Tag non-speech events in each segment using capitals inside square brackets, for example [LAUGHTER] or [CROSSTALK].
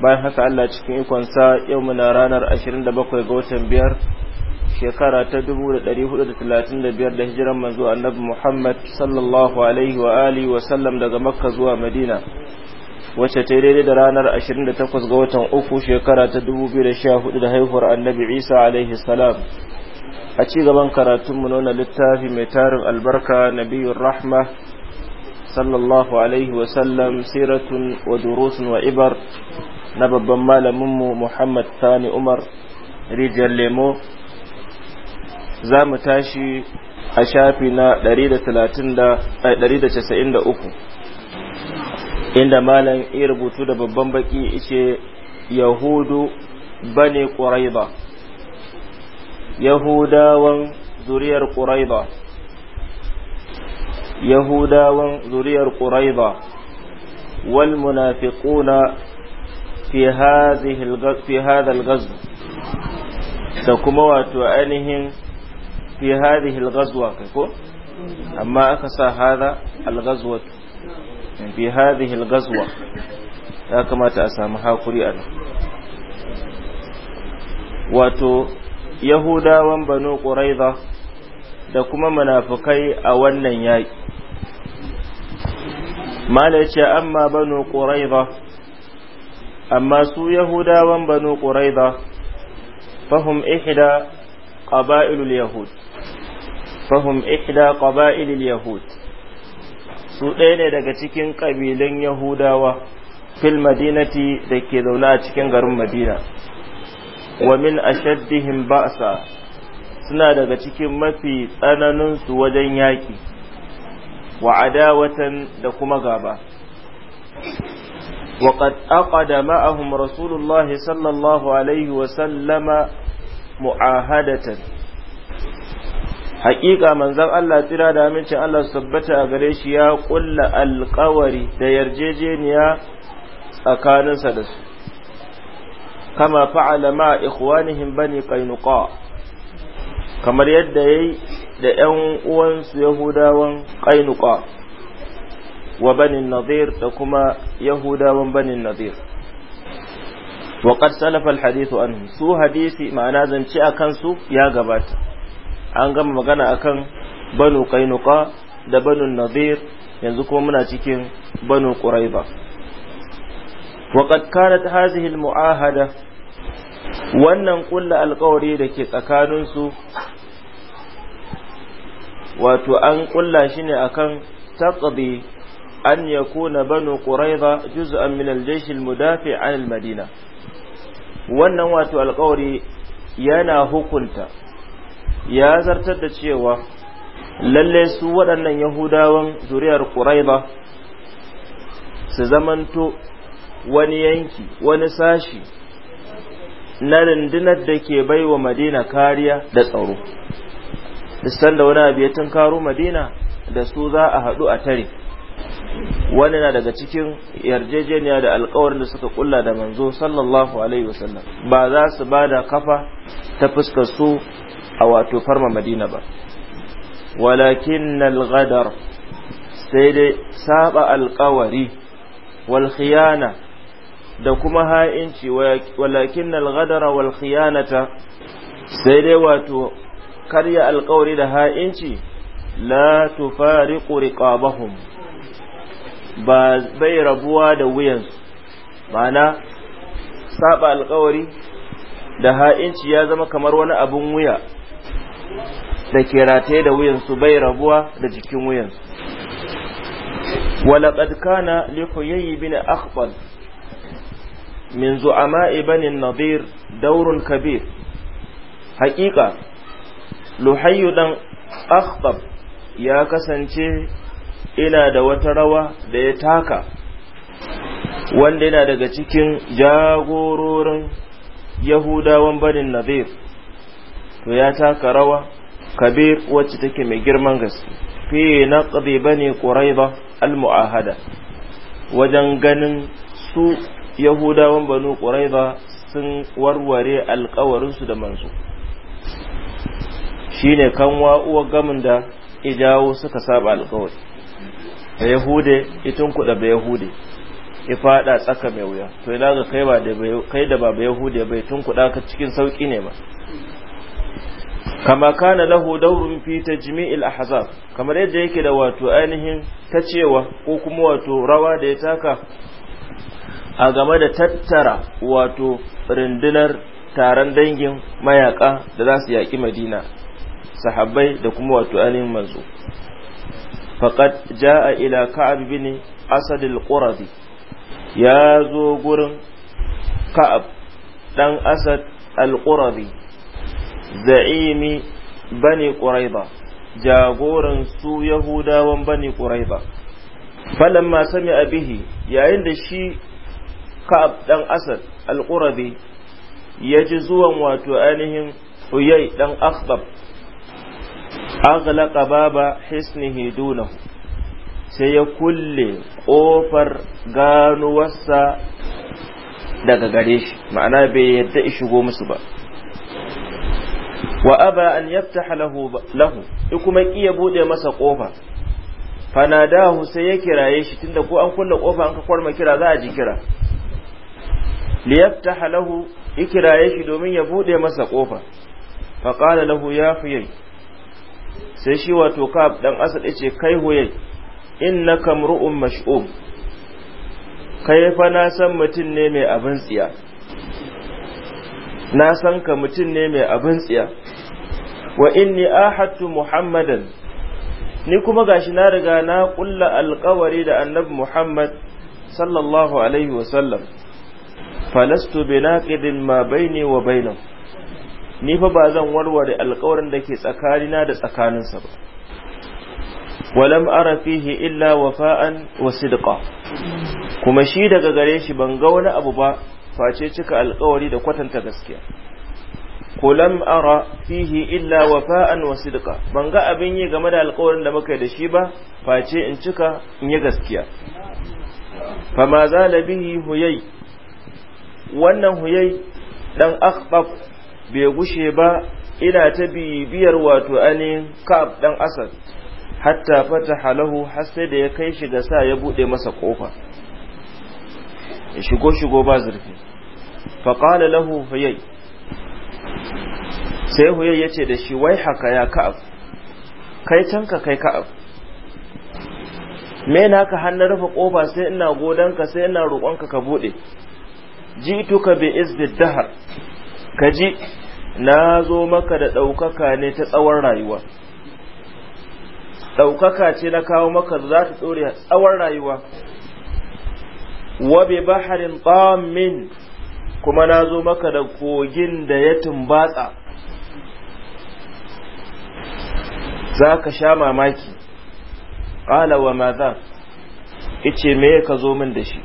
bayan haka Allah cikin ikonsa yau muna ranar 27 ga watan biyar shekara ta 1435 da hijiran manzo annabi Muhammad sallallahu alaihi wa alihi wa sallam daga Makka zuwa Madina wacce ta daidai da ranar 28 ga watan uku shekara ta 2014 da haihuwar annabi Isa alaihi salam a ci gaban mu nuna littafi mai tarin albarka nabiyur rahma sallallahu alaihi wa sallam siratun wa durusun wa ibar na babban malamin mu Muhammad Sani Umar Rijiyar Lemo za mu tashi a shafi na 193 eh, inda malam iya rubutu da babban baki ice Yahudu bane ƙuraiba Yahudawan zuriyar ƙuraiba Yahudawan zuriyar ƙuraiba wal munafiquna fi fi hadha al-ghazw da kuma wato ainihin fi hadhihi al-ghazwa kai ko amma aka sa hadha al-ghazwa fi hadhihi al-ghazwa ya kamata a samu hakuri a nan wato yahudawan banu quraiza da kuma munafukai a wannan yaƙi mala ce amma banu quraiza amma su yahudawan banu quraiza fahum ihda ƙaba'ilul yahud fahim ihda qaba'ilul yahud su ɗaya ne daga cikin ƙabilun yahudawa fil madinati da ke zaune a cikin garin madina wa min ashaddihim ba'sa suna daga cikin mafi tsananinsu wajen yaƙi wa adawatan da kuma gaba وقد أقد معهم رسول الله صلى الله عليه وسلم معاهدة haƙiƙa manzan Allah tsira da amincin Allah su tabbata a gare shi ya ƙulla alƙawari da yarjejeniya tsakaninsa da su kama fa'ala ma ikhwanihim bani qainuqa kamar yadda yayi da 'yan uwansu yahudawan qainuqa wa banin nadir da kuma yahudawan banin nadir wa qad salafa alhadithu su hadisi ma'ana zance akan su ya gabata an gama magana akan banu qainuqa da banu nadir yanzu kuma muna cikin banu quraiba wa qad kanat hadhihi almu'ahada wannan kulla alƙawari da ke tsakanin su wato an kulla shi ne akan taqdi an yakuna banu ƙuraiba juz'an min al-jaysh al-mudafi' an al-madina wannan wato alƙawari yana hukunta ya zartar da cewa lalle su waɗannan yahudawan zuriyar ƙuraiba su zamanto wani yanki wani sashi na rundunar da ke baiwa madina kariya da tsaro da wani abu ya tunkaro madina da su za a haɗu a tare wani na daga cikin yarjejeniya da alkawarin da suka kulla da manzo sallallahu alaihi wasallam ba za su ba da kafa ta fuskar su a wato farma madina ba walakin nalgadar sai dai saba alkawari wal khiyana da kuma ha'inci walakin nalgadara wal khiyanata sai dai wato karya alkawari da ha'inci la tufariqu riqabahum ba bai rabuwa da wuyansu ma'ana saba alkawari da ha'inci ya zama kamar wani abin wuya da ke rataye da wuyansu bai rabuwa da jikin wuyansu walaƙad kana lihuyayi bin akhbal min zuama ibanin nadir daurun kabir haƙiƙa luhayyu dan akhbab ya kasance ina da wata rawa da ya taka wanda yana daga cikin jagororin yahudawan banin nazir to ya taka rawa kabir wacce take mai girman gaske fi naqdi bani quraiba almu'ahada wajen ganin su yahudawan banu ƙuraiba sun warware alkawarinsu da manzo shine kanwa uwa gamin da ijawo suka saba alkawari ba yahude itin kuɗa ba yahude ya fada tsaka mai wuya to ina ga kai da kai da baba yahude bai tun kuɗa ka cikin sauki ne ma kama kana lahu dawrun fi tajmi'il ahzab kamar yadda yake da wato ainihin ta cewa ko kuma wato rawa da ya taka a game da tattara wato rundunar taron dangin mayaka da za su yaƙi madina sahabbai da kuma wato ainihin manzo ja jaa ila ka'ab bin asad al-quradi ya zo gurin ka'ab dan asad al-quradi za'imi bani quraiba jagoran su yahudawan bani quraiba falamma sami'a bihi yayin da shi ka'ab dan asad al-quradi ya ji zuwan wato ainihin uyai dan akhtab aghlaqa baba hisnihi dunahu sai ya kulle kofar ganuwarsa daga gare shi ma'ana bai yadda ya shigo musu ba wa aba an yaftaha lahu lahu kuma iya bude masa kofa fanadahu sai ya kiraye shi tunda ko an kulle kofa an ka kwarma kira za a ji kira liyaftaha lahu kiraye shi domin ya bude masa kofa kala lahu ya fiyai sai shi wato kab dan asad ce kai hoye innaka mru'un mash'um kai fa na san mutum ne mai abin tsiya na san ka mutum ne mai abin tsiya wa inni ahadtu muhammadan ni kuma gashi na riga na kulla alkawari da annabi muhammad sallallahu alaihi wa sallam falastu binaqidin ma baini wa bainahu ni fa ba zan warware alƙawarin da ke tsakanina da tsakaninsa ba walam ara fihi illa wafa'an wa sidqa kuma shi daga gare shi ban ga wani abu ba face cika alƙawari da kwatanta gaskiya kulam ara fihi illa wafa'an wa sidqa ban ga abin yi game da alƙawarin da muka yi da shi ba face in cika in yi gaskiya fama zala bihi huyai wannan huyai dan akhbab bai gushe ba ina ta bibiyar wato ainihin kaf dan asad hatta fata halahu har sai da ya kai shi ga sa ya bude masa kofa ya shigo shigo ba zurfi fa qala lahu huyay sai ya yace da shi wai haka ya kaf kai canka kai kaf me na har na rufe kofa sai ina godanka sai ina roƙonka ka bude tuka bi izdid dahar kaji na zo maka da ɗaukaka ne ta tsawon rayuwa ɗaukaka ce na kawo maka za ta tsore tsawon rayuwa wabe baharin tsamin kuma na zo maka da kogin da ya tumbatsa za ka sha mamaki ƙala wa maza ice me ka zo min da shi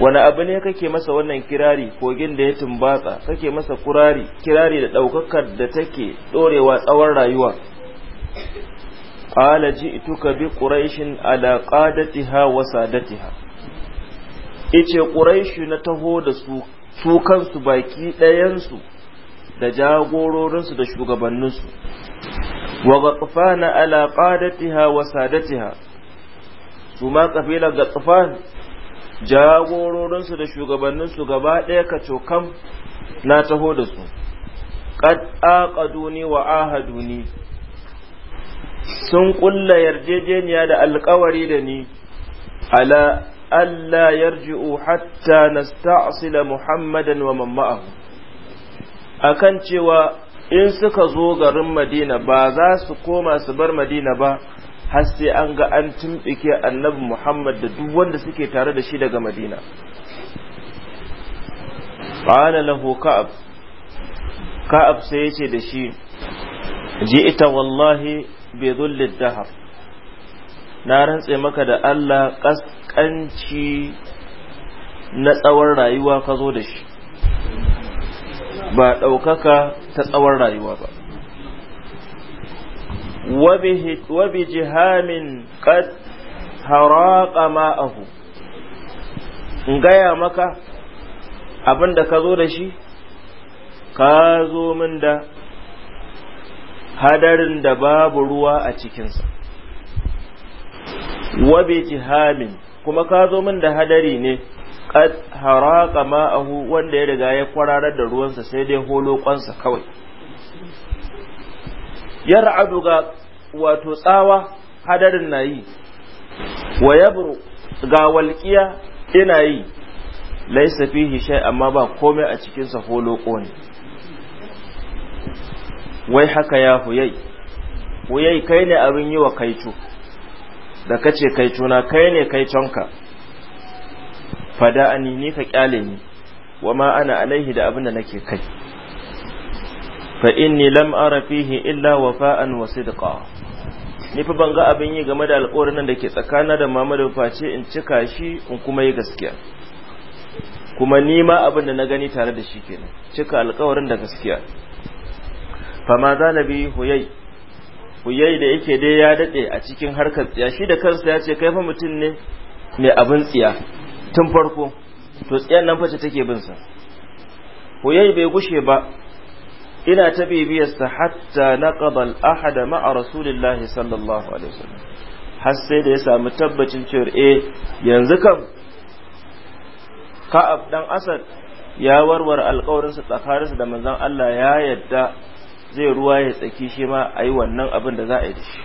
wani abu ne kake masa wannan kirari kogin da ya tumbatsa kake masa kurari kirari da ɗaukakar da take ɗorewa tsawon rayuwa ƙala ji ituka bi ƙuraishin alaƙadatiha wa sadatiha ice ƙuraishi na taho da su su kansu baki ɗayansu da jagororinsu da shugabanninsu wa gaƙafa na qadatiha wa sadatiha su ma ƙafilar jagororinsu da shugabanninsu gaba ɗaya ka cokan na taho da su ƙaƙaduni wa ahaduni sun ƙulla yarjejeniya da alkawari da ni ala ya yarji'u hatta na nasta'sila muhammadan wa mamma'ahu A akan cewa in suka zo garin madina ba za su koma su bar madina ba har sai an ga an tumbike annabi Muhammad da duk wanda suke tare da shi daga Madina qala lahu ka'ab ka'ab sai yace da shi ita wallahi bi dhullid na rantse maka da Allah kaskanci na tsawon rayuwa ka zo da shi ba ɗaukaka ta tsawon rayuwa ba وبجهام قد هراق ماءه in gaya maka abin da ka zo da shi ka zo min da hadarin da babu ruwa a cikinsa wabe jihamin kuma ka zo min da hadari ne haraka ma'ahu wanda ya riga ya kwararar da ruwansa sai dai holokonsa kawai yar'adu ga wato tsawa hadarin na yi wa yabru ga walƙiya ina yi laisa fihi shay amma ba komai a cikin sa holoko ne wai haka ya huyai huyai kai ne abin yi wa kaico da kace kaico na kai ne kaiconka fada ani ni ka kyale ni wa ma ana alaihi da abin da nake kai فإني لم أرى فيه إلا illa wafa'an ni fa ban ga abin yi game da alƙawarin nan da ke tsakana da Muhammadu face in cika shi in kuma yi gaskiya kuma ni ma abin da na gani tare da shi kenan cika alƙawarin da gaskiya fa ma za nabi huyai huyai da yake dai ya dade a cikin harkar tsiya shi da kansa ya ce kai fa mutum ne mai abin tsiya tun farko to tsiyan nan face take bin sa huyai bai gushe ba ina ta bibiyarsa hatta na ƙabal ahada ma'a rasulullahi sallallahu alaihi wasallam har sai da ya samu tabbacin cewar eh yanzu kam ka'ab dan asad ya warware sa tsakaninsa da manzon Allah ya yadda zai ruwa ya tsaki shi ma a yi wannan abin da za a yi da shi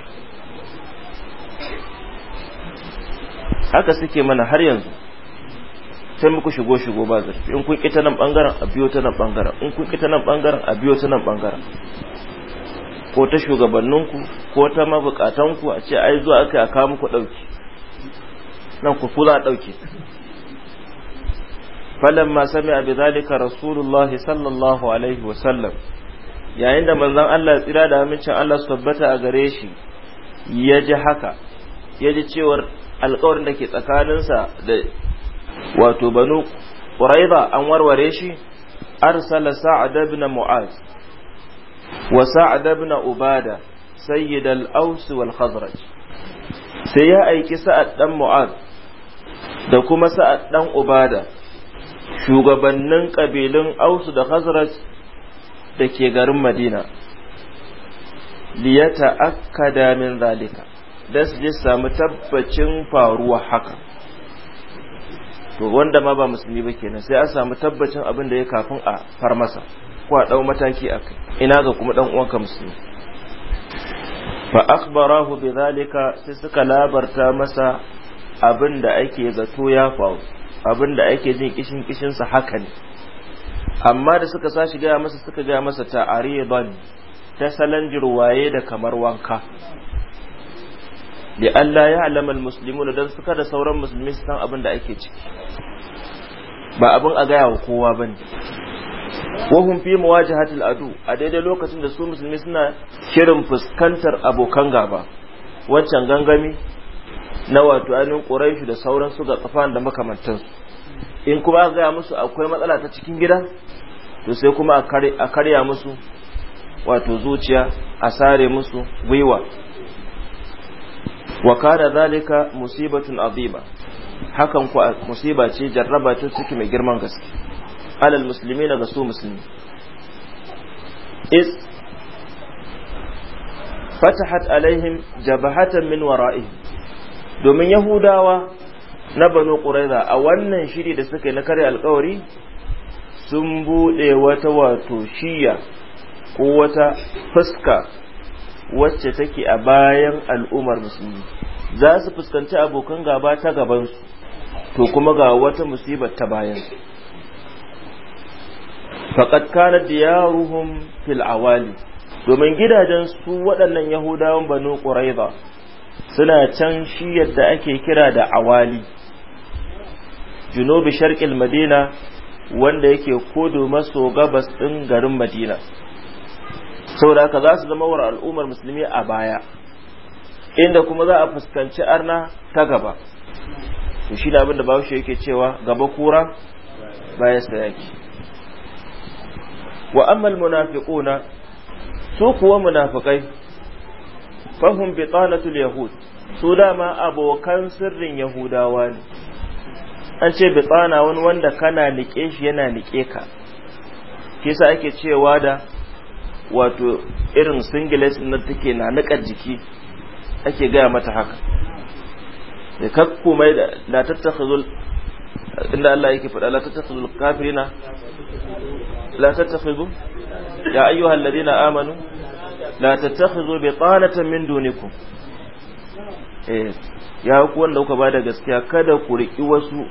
haka suke mana har yanzu sai muku shigo shigo ba zai in kun kita nan bangaren a biyo ta nan bangaren in kun kita nan bangaren a biyo ta nan bangaren ko ta shugabanninku ko ta mabukatanku a ce ai zuwa aka kawo muku dauki nan ku kula dauke falamma sami'a zalika rasulullah sallallahu alaihi wa sallam yayin da manzon Allah tsira da amincin Allah su tabbata a gare shi ya ji haka ya ji cewar alƙawarin da ke tsakaninsa da wato banu quraiza an warware shi arsala sa'ad ibn mu'az wa sa'ad ibn ubada sayyid al-aws wal khazraj sai ya aiki sa'ad dan mu'az da kuma sa'ad dan ubada shugabannin kabilun aus da khazraj da ke garin madina liyata akkada min zalika da su je samu tabbacin faruwa haka to wanda ma ba musulmi ba kenan sai an samu tabbacin abin da ya kafin a far masa ko a dau mataki a kai ina ga kuma dan uwanka musulmi fa akhbarahu zalika sai suka labarta masa abin da ake zato ya faru abin da ake jin kishin kishin sa haka ne amma da suka sashi gaya masa suka ga masa ta ariban ta salan jirwaye da kamar wanka li Allah ya alama muslimuna dan suka da sauran musulmi su san abin da ake ciki ba abin a gaya wa kowa bane hum fi muwajahatil adu a daidai lokacin da su musulmi suna shirin fuskantar abokan gaba wancan gangami na wato ainihin quraishu da sauran su ga kafan da makamantansu in kuma aka gaya musu akwai matsala ta cikin gida to sai kuma a karya musu wato zuciya a sare musu gwiwa wa kada zalika musibatun azima hakan ku musiba ce jarraba ta ciki mai girman gaske alal musulmi na su musulmi is fatahat alaihim jabahatan min wara'ihim domin yahudawa na banu quraiza a wannan shiri da suka yi na kare alkawari sun buɗe wata wato shiya ko wata fuska wacce take a bayan al'ummar musulmi za su fuskanci abokan gaba ta gabansu to kuma ga wata musibar ta bayan faqad kana diyaruhum fil awali domin gidajen su waɗannan yahudawan banu ƙuraiba suna can shi yadda ake kira da awali junubi sharqil madina wanda yake kodo maso gabas ɗin garin madina saboda haka za su zama wa al'ummar musulmi a baya inda kuma za a fuskanci arna ta gaba to shi da abin da bahaushe yake cewa gaba kura baya sayaki wa ammal munafiquna su kuwa munafikai fahum bitanatul yahud su dama abokan sirrin yahudawa ne an ce bitsana wani wanda kana nike shi yana nike ka kisa ake cewa da wato irin singlet na take na nakar jiki ake gaya mata haka da kakku mai da la tattakhuzul inda Allah yake faɗa la tattakhuzul kafirina la tattakhuzu ya ayyuhal ladina amanu la bai bitanatan min dunikum eh ya ku wanda kuka bada gaskiya kada ku riki wasu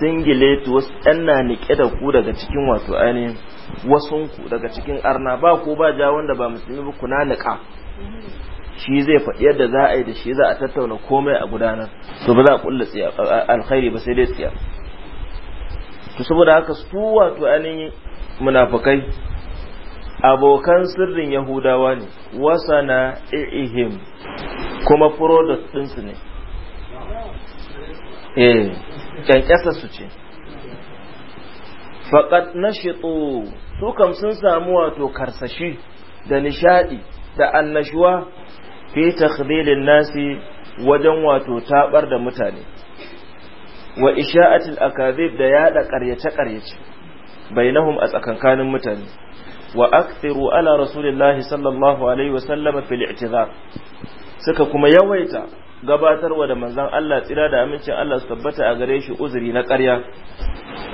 singlet wasu ɗan na nike da ku daga cikin wato ainihin wasunku daga cikin arna ba ko ba ja wanda ba musulmi ba kuna niƙa shi zai faɗi yadda za a yi da shi za a tattauna komai a gudanar to ba za a kulla alkhairi ba sai dai tsiya to saboda haka su wato ainihin munafukai abokan sirrin yahudawa ne wasana ihim kuma product ɗinsu ne eh kyankyasa su ce faƙat na shiɗo su kam sun samu wato karsashi da nishaɗi da annashuwa fi takhdilin nasi wajen wato taɓar da mutane wa isha'atul akazib da yaɗa ƙaryace-ƙaryace bainahum a tsakankanin mutane wa akthiru ala rasulillahi sallallahu alaihi wa fil i'tizar suka kuma yawaita gabatarwa da manzon Allah tsira da amincin Allah su tabbata a gare shi uzuri na ƙarya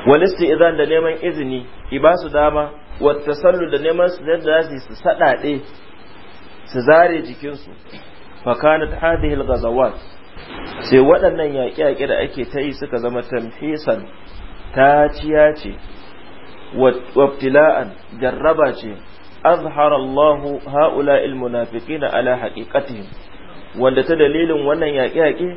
walisti idan da neman izini i ibasu dama wa tasallu da neman su da za su sadade su zare jikinsu fa kanat hadhihi al-ghazawat sai waɗannan yaƙe-yaƙe da ake ta yi suka zama tamhisan ta ciya ce wabtila'an jarraba ce azhar Allah ha'ula ilmunafiqina ala haqiqatihim wanda ta dalilin wannan yaƙe yaƙi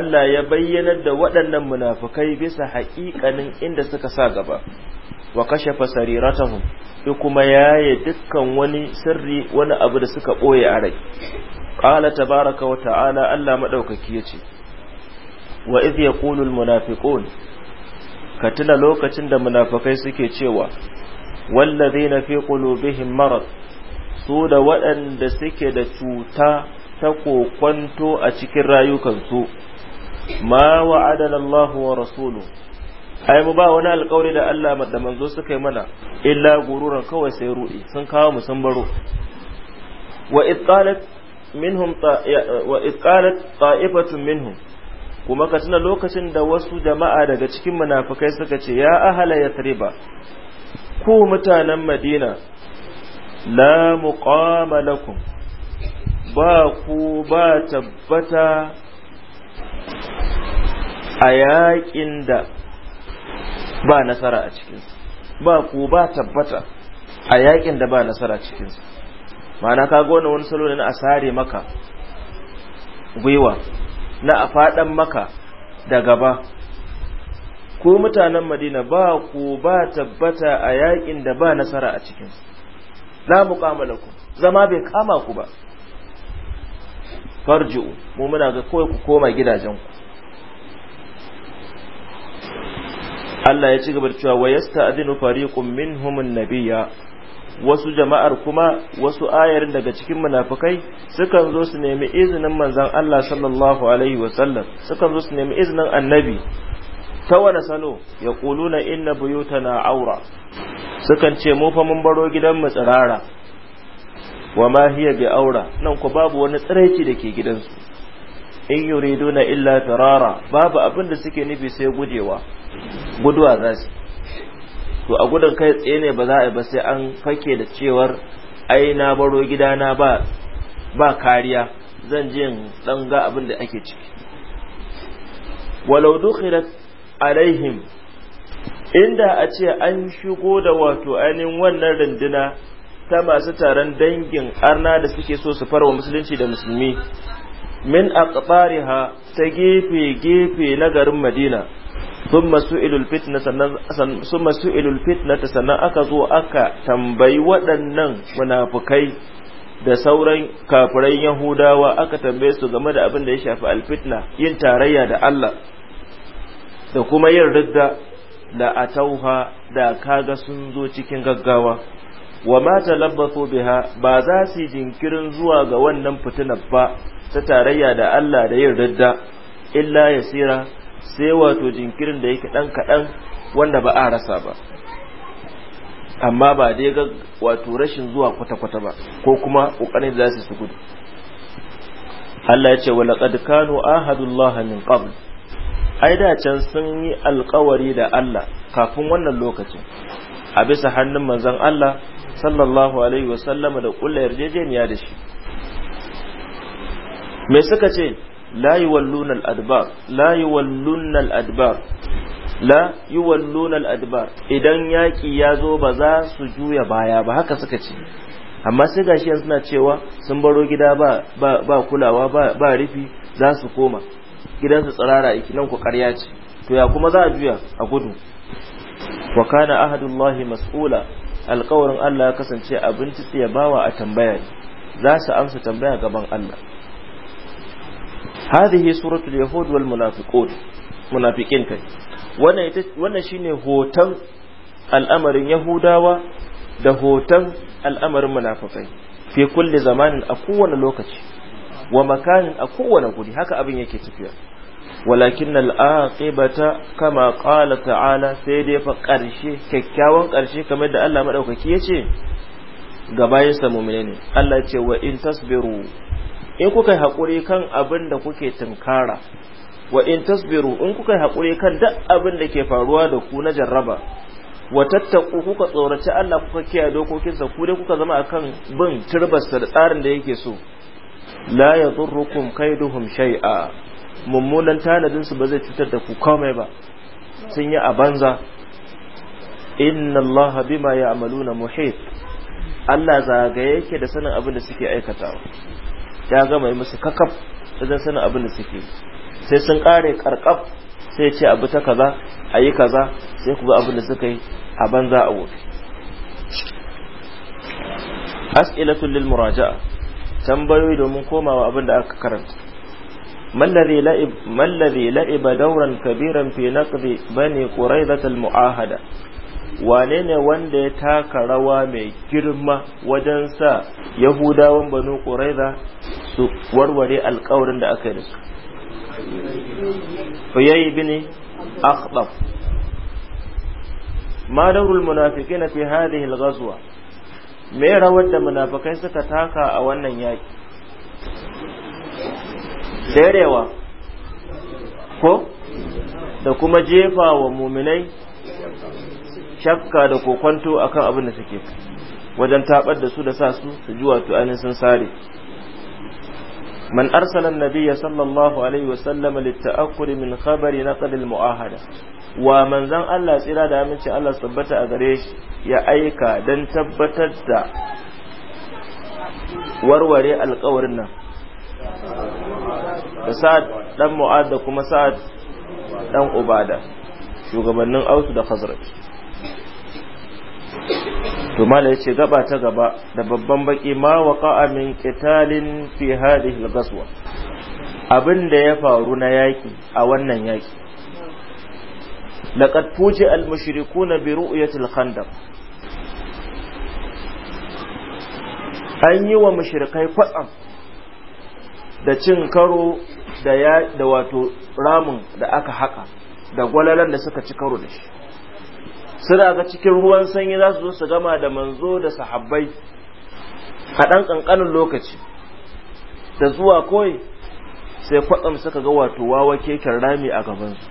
Allah ya bayyanar da waɗannan munafukai bisa haƙiƙanin inda suka sa gaba wa kashe fasariratahum ya kuma yaye dukkan wani sirri wani abu da suka ɓoye a rai ƙala tabaraka wa ta'ala Allah maɗaukaki ya ce wa iz ya al ka tuna lokacin da munafukai suke cewa wallazina fi qulubihim marad su da waɗanda suke da cuta ta kokwanto a cikin rayukansu ma wa'adana Allah wa rasulu ai mu ba wani alƙawari da Allah da manzo suka yi mana illa gururan kawai sai ruɗi sun kawo mu sun baro wa itqalat minhum wa itqalat ta'ifatun minhum kuma ka tuna lokacin da wasu jama'a daga cikin munafikai suka ce ya ahala yathriba ku mutanen madina la muqama lakum ba ku ba tabbata a yaƙin da ba nasara a cikinsa ba ku ba tabbata a yaƙin da ba nasara a cikinsa ma'ana ka gona wani salo na a maka gwiwa na a faɗan maka da gaba ko mutanen madina ba ku ba tabbata a yaƙin da ba nasara a cikinsa la muqamalakum zama bai kama ku ba farji'u mu muna ga kawai ku koma gidajen ku. Allah ya ci gaba da cewa wa yasta'dinu fariqun minhum nabiyya wasu jama'ar kuma wasu ayarin daga cikin munafikai sukan zo su nemi izinin manzon Allah sallallahu alaihi wa sallam sukan zo su nemi izinin annabi ta wani salo ya kuluna inna buyutana aura sukan ce mu fa mun baro gidan mu tsirara wa ma hiya bi aura nan ku babu wani tsiraici da ke gidansu in yuriduna illa firara babu abin da suke nufi sai gudewa guduwa za su to a gudun kai tsaye ne ba za a ba sai an fake da cewar ai na baro gidana ba ba kariya zan je dan ga abin da ake ciki walau dukhilat alaihim inda a ce an shigo da wato ainihin wannan runduna ta masu taron dangin arna da suke so su farwa musulunci da musulmi min aqbariha ta gefe gefe na garin madina sun masu ilul fitna ta sannan aka zo aka tambayi waɗannan munafukai da sauran kafirai yahudawa aka tambaye su game da abin da ya shafi alfitna yin tarayya da Allah da kuma yin ridda la'atauha atauha da kaga sun zo cikin gaggawa wa ma talabbathu biha ba za su jinkirin zuwa ga wannan fitinar ba ta tarayya da Allah da yin radda illa yasira sai wato jinkirin da yake dan kaɗan wanda ba a rasa ba amma ba dai ga wato rashin zuwa kwata-kwata ba ko kuma kokarin da za su gudu Allah ya ce wa laqad kanu ahadullah min qabl ai da can sun yi alkawari da Allah kafin wannan lokacin a bisa hannun manzon Allah sallallahu alaihi wasallama da kulla yarjejeniya da shi Me suka ce la yuwalluna al-adbar la yuwalluna al-adbar la yuwalluna al-adbar idan yaki ya zo ba za su juya baya ba haka suka ce amma sai gashi yanzu suna cewa sun baro gida ba ba kulawa ba ba rufi za su koma Gidan su tsirara iki nan ku ƙarya ce to ya kuma za a juya a gudu wa kana ahadullahi mas'ula alkawarin Allah ya kasance abin tsiya bawa a tambaya za su amsa tambaya gaban Allah hadhihi suratul yahud wal munafiqun munafiqin kai wannan wannan shine hoton al'amarin yahudawa da hoton al'amarin munafukai? fi kulli zamanin a kowane lokaci wa makanin a kowane guri haka abin yake tafiya walakin al'aqibata kama qala ta'ala sai dai fa karshe kyakkyawan ƙarshe, kamar da Allah madaukaki yace ga bayansa mu'mine ne Allah ce wa in tasbiru in kuka yi hakuri kan abin da kuke tunkara wa in tasbiru in kuka yi hakuri kan duk da ke faruwa da ku na jarraba wa tattaku kuka tsoraci Allah kuka kiyaye dokokinsa ku dai kuka zama akan bin turbarsa da tsarin da yake so la yadurrukum kaiduhum shai'a. mummunan tanadinsu ba zai fitar da ku komai ba sun yi a banza inna allaha bima ya'maluna muhit Allah zagaye yake da sanin abin da suke aikatawa ya gama musu kakaf da sanin abin da suke sai sun kare karkaf sai ce abu ta kaza ayi kaza sai ku ga abin da suka yi a banza a wofi as'ilatul lil muraja'a tambayoyi domin komawa abin da aka karanta ما الذي لعب دورا كبيرا في نقد بني قريظة المعاهدة wanda ya taka rawa mai girma wajen sa yahudawan banu ƙuraiza su warware alkawarin da aka yi su huyayi bin akhdaf ma daurul munafiqin fi hadhihi al-ghazwa me rawar da munafikai suka taka a wannan yaki serewa ko da kuma jefa wa muminai shakka da kokwanto akan abin da suke wajen tabar da su da sa su su ji wato ainihin sun sare man arsala nabiyya sallallahu alaihi wasallam litta'akkuri min khabari naqd al-mu'ahada wa manzan Allah tsira da aminci Allah tabbata a gare shi ya aika dan tabbatar da warware alƙawarin nan da sa'ad ɗan mu'ad da kuma sa'ad ɗan ubada shugabannin Autu da hazard to mala ce gaba ta gaba da babban baki ma wa min qitalin fi haɗe gaswa. abin da ya faru na yaƙi a wannan yaƙi. laqad fuji al-mushrikuna bi ru'yati an yi wa kwatsam da cin karo da ya da wato ramin da aka haka da gwalalan da suka ci karo da shi suna ga cikin ruwan sanyi za su zo su gama da manzo da sahabbai kaɗan ƙanƙanin lokaci da zuwa kawai sai kwatsam suka ga wato wawa keken rami a gabansu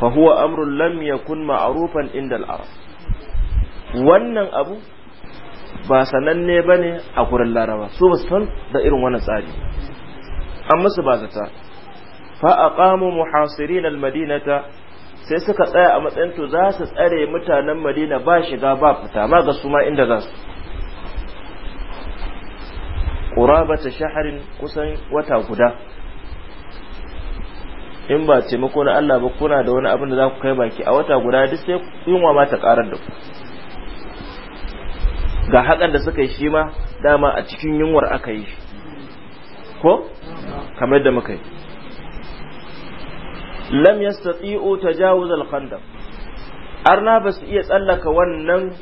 fa huwa amrun lam yakun ma'rufan inda al wannan abu ba sananne ba ne a gurin laraba su ba san da irin wannan tsari an musu ba zata fa'aƙamu muhasirin almadinata sai suka tsaya a matsayin to za su tsare mutanen madina ba shiga ba fita ma ga su ma inda za su ƙurabata shaharin kusan wata guda in ba taimako na Allah ba kuna da wani abin da za ku kai baki a wata guda duk sai yunwa ma ta ƙarar da ku ga hakan da suka yi shi ma dama a cikin yunwar aka yi ko kamar da muka yi lam yastati'u tajawuz al-khandaq arna basu iya tsallaka wannan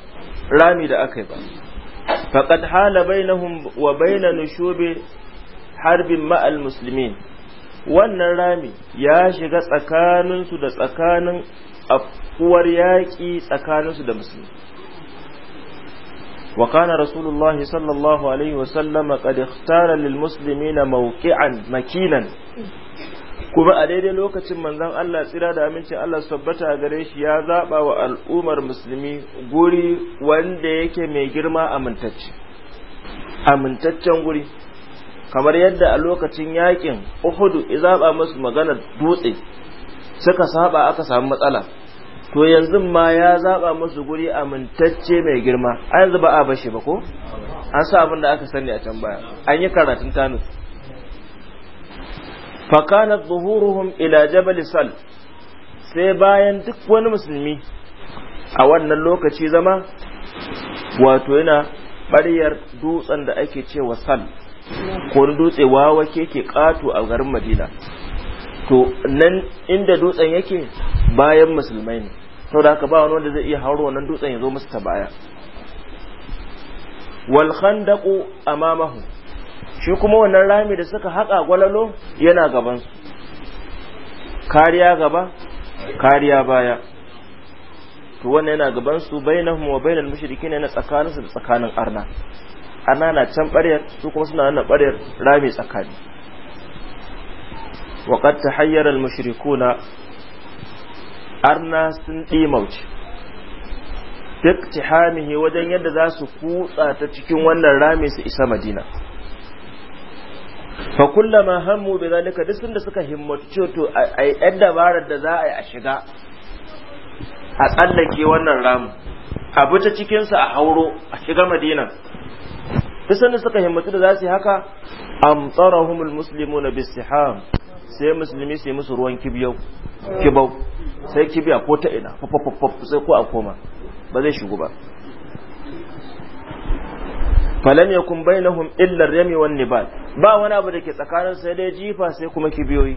rami da aka yi ba faqad hala bainahum wa baina nushubi harbin ma'al muslimin wannan rami ya shiga tsakaninsu da tsakanin afkuwar yaƙi tsakaninsu da musulmi وقال رسول الله صلى الله عليه وسلم قد اختار للمسلمين موقعا مكينا kuma a daidai lokacin manzon Allah tsira da amincin Allah su tabbata gare shi ya zaba wa al'ummar musulmi guri wanda yake mai girma amintacce amintaccen guri kamar yadda a lokacin yakin Uhud ya zaba musu maganar dutse suka saba aka samu matsala to yanzu ma ya zaba musu guri amintacce mai girma a yanzu ba a bashi ba ko an sa abin da aka sani a can baya an yi karatun tanu fakanat zuhuruhum ila jabal sal sai bayan duk wani musulmi a wannan lokaci zama wato yana ɓaryar dutsen da ake cewa sal ko dutse wawa ke ke kato a garin madina to nan inda dutsen yake bayan musulmai ne saboda haka ba wani wanda zai iya hauro wannan dutsen ya zo musu ta baya Walhan daƙo a mamahu shi kuma wannan rami da suka haƙa gwalalo yana gaban kariya gaba kariya baya to wannan yana gaban su bainahum wa bainal mashirikin yana tsakaninsu da tsakanin arna arna na can ɓaryar su kuma suna nan ɓaryar rami tsakani وقد تحير المشركون arna sun ɗimauce duk tihamihi wajen yadda za su kutsa ta cikin wannan rami su isa madina fa kullama hammu bi zalika duk sun da suka himmatu to a yan dabarar da za a shiga a tsallake wannan ramu a bi ta a hauro a shiga madina duk da suka himmatu da za su yi haka amtarahumul muslimuna bisiham sai musulmi sai musu ruwan kibiyau kibau sai kibiya ko ta ina fafafafafu sai ko a koma ba zai shigo ba falam yakun bainahum illa ar-rami wan nibal ba wani abu da ke tsakanin sai dai jifa sai kuma kibiyoyi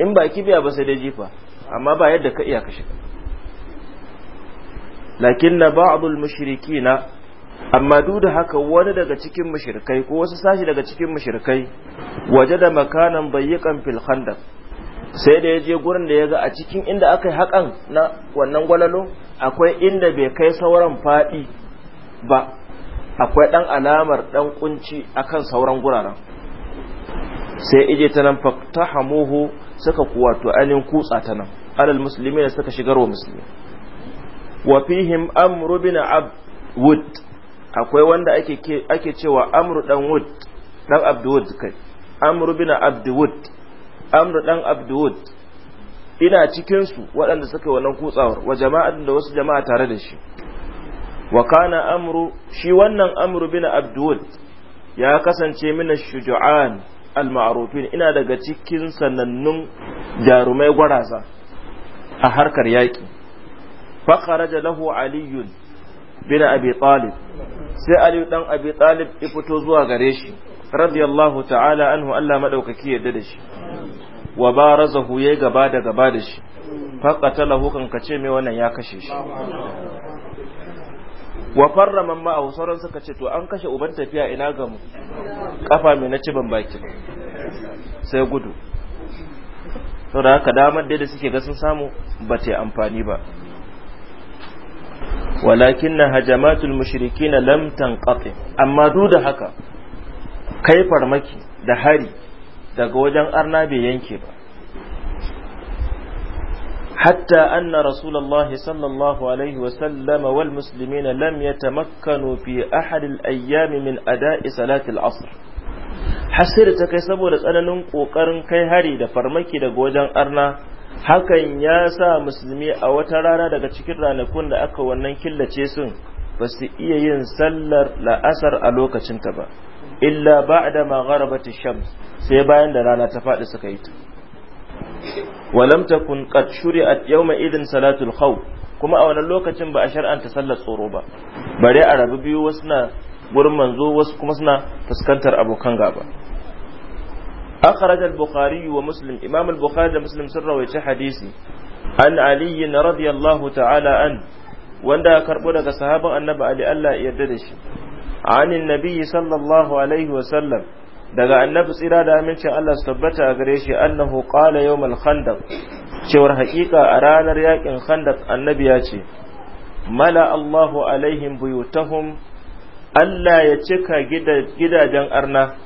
in ba kibiya ba sai dai jifa amma ba yadda ka iya ka shiga lakinna ba'dul mushrikina amma duk da haka wani daga cikin mushrikai ko wasu sashi daga cikin mushrikai waje da makanan bayyakan fil khandaq sai da ya je gurin da ya ga a cikin inda aka yi haƙan na wannan gwalalo akwai inda bai kai sauran faɗi ba akwai ɗan alamar ɗan kunci akan sauran guraren sai ije ta nan faktahamuhu suka kuwato ainihin kutsa ta nan alal musulmi da suka shigar wa musulmi wa fihim amru bin abd akwai wanda ake ake cewa amru dan wud dan abduwud kai amru bin abduwud amru dan abduwud ina cikin su waɗanda suka wannan kutsawar wa jama'atin da wasu jama'a tare da shi wa kana amru shi wannan amru bin abduwud ya kasance mina shuju'an al-ma'rufin ina daga cikin sanannun jarumai gwaraza a harkar yaƙi fa kharaja lahu aliyun bin abi talib sai aliyu dan abi talib ya fito zuwa gare shi radiyallahu ta'ala anhu Allah madaukaki yadda da shi wa barazahu yay gaba da gaba da shi faqatalahu kan kace mai wannan ya kashe shi wa farra man ma aw sauran suka ce to an kashe uban tafiya ina ga mu kafa mai na ciban baki sai gudu saboda haka damar da suke ga sun samu ba ta amfani ba walakin na hajamatul mushriki na lamtan ƙafe amma duk da haka kai farmaki da hari daga wajen arna bai yanke ba حتى أن رسول الله صلى الله عليه وسلم والمسلمين لم يتمكنوا في أحد الأيام من أداء صلاة العصر حسير تكي سبو لسألنن قوقرن كي هاري دا فرمكي دا قوجان أرنا hakan ya sa musulmi a wata rana daga cikin ranakun da aka wannan killace sun ba su iya yin sallar la'asar a lokacinta ba illa ba'da ma gharabati shams sai bayan da rana ta faɗi suka yi ta walam takun qad shuri'at yawma idin salatul khawf kuma a wannan lokacin ba a shar'anta sallar tsoro ba bare a rabu biyu wasu na gurin manzo wasu kuma suna fuskantar abokan gaba أخرج البخاري ومسلم إمام البخاري ومسلم سر ويتش حديثي عن علي رضي الله تعالى عنه wanda ya karɓo daga sahaban annabi Ali Allah ya yarda da shi anin nabiyyi sallallahu alaihi wa sallam daga annabi tsira da amincin Allah su tabbata a gare shi annahu qala yawmal khandaq cewar haƙiƙa a ranar yakin khandaq annabi ya ce mala Allahu biyu buyutahum Allah ya cika gidajen arna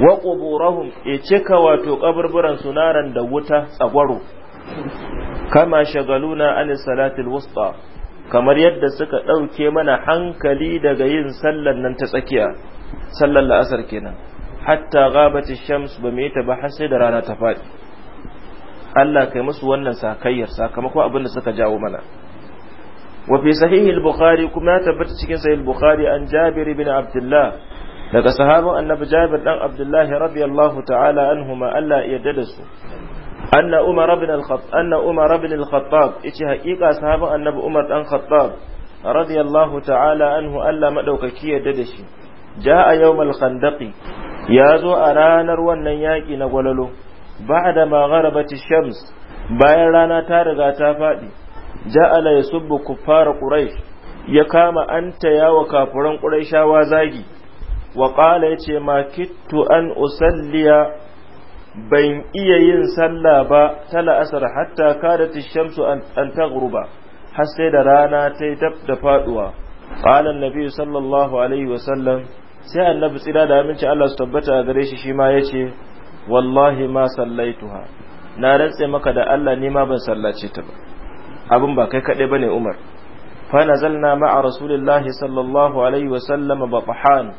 wa quburahum ya cika wato kaburburan sunaran da wuta tsagwaro kama shagaluna an salatil wusta kamar yadda suka ɗauke mana hankali daga yin sallan nan ta tsakiya sallan la'asar kenan hatta gabati shams ba mai ta ba har sai da rana ta faɗi Allah kai musu wannan sakayyar sakamakon abin da suka jawo mana wa fi sahihil bukhari kuma ya tabbata cikin sahih bukhari an jabir bin abdullah daga sahabin annabi jabir dan abdullahi radiyallahu ta'ala anhuma Allah yadda da su anna umar ibn al-khattab anna umar ibn al-khattab yace haƙiƙa sahabin annabi umar dan khattab radiyallahu ta'ala anhu Allah madaukaki yarda da shi ja'a yawmal khandaqi ya zo a ranar wannan yaƙi na gwalalo ba'da ma gharabat shams bayan rana ta riga ta faɗi ja'ala yasubbu kuffara quraish ya kama anta yawa kafuran quraishawa zagi Waƙala ƙala ya ce ma kittu an usalliya ban iya yin sallah ba ta la'asar hatta kada shamsu an taghruba har sai da rana ta yi dab da faduwa qala annabi sallallahu alaihi wa sallam sai annabi tsira da aminci Allah su tabbata a gare shi shi ma yace wallahi ma sallaituha na rantse maka da Allah ni ma ban sallace ta ba abin ba kai kadai bane Umar fa nazalna ma'a rasulillahi sallallahu alaihi wa sallam batahan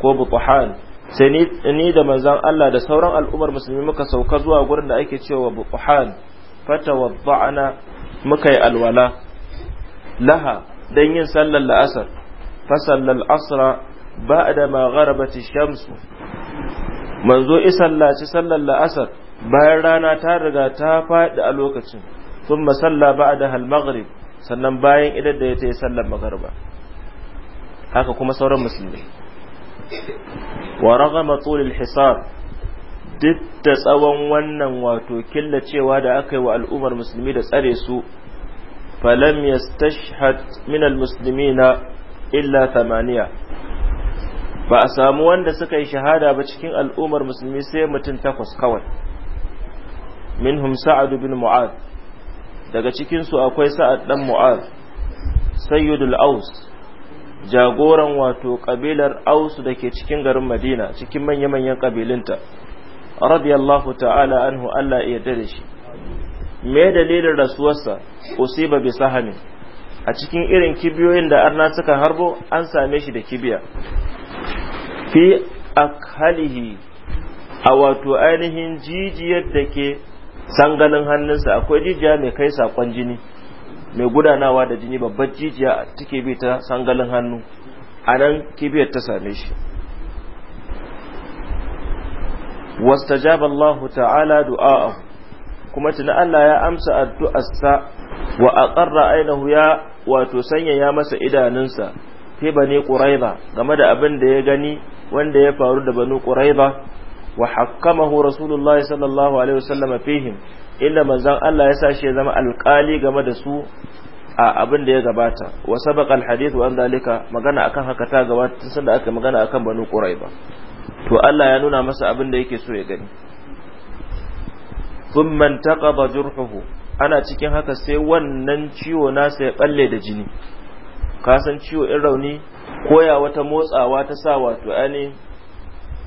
ko butuhan sai ni da manzan Allah da sauran al'ummar musulmi muka sauka zuwa gurin da ake cewa butuhan fatawadda'na muka yi alwala laha dan yin sallar la'asar fa sallal asra ba'da ma gharabati shamsu manzo isallaci sallar la'asar bayan rana ta riga ta faɗi a lokacin sun masalla ba da halmaghrib sannan bayan idan da ya ta yi sallar magarba haka kuma sauran musulmi wa ragama tulil hisab duk da tsawon wannan wato killacewa da aka yi wa al'ummar musulmi da tsare su falam yastashhad min almuslimina illa thamaniya ba a samu wanda suka yi shahada ba cikin al'ummar musulmi sai mutum takwas kawai minhum sa'ad bin mu'ad daga cikin su akwai sa'ad dan mu'ad sayyidul aus jagoran wato kabilar ausu da ke cikin garin madina cikin manya-manyan kabilinta radiyallahu ta'ala anhu Allah ya yarda da shi me dalilin rasuwarsa usiba bi sahamin a cikin irin kibiyoyin da arna suka harbo an same shi da kibiya fi akhalihi a wato ainihin jijiyar da ke sangalin hannunsa akwai jijiya mai kai sakon jini mai gudanawa da jini babbar jijiya take bi ta sangalin hannu a nan kibiyar ta same shi wastajaba Allah ta'ala du'a kuma tuna Allah ya amsa addu'arsa wa aqarra ainahu ya wato sanya ya masa idanunsa fi bani quraiba game da abin da ya gani wanda ya faru da bani quraiba wa hakkamahu rasulullahi sallallahu alaihi wasallam fihim inda manzon Allah ya sa ya zama alƙali game da su a abin da ya gabata wa sabaqa alhadith wa dalika magana akan haka ta gabata tun sanda aka magana akan banu quraiba to Allah ya nuna masa abin da yake so ya gani thumma taqaba jurhuhu ana cikin haka sai wannan ciwo nasa ya balle da jini ka san ciwo in rauni koya wata motsawa ta sa wato ani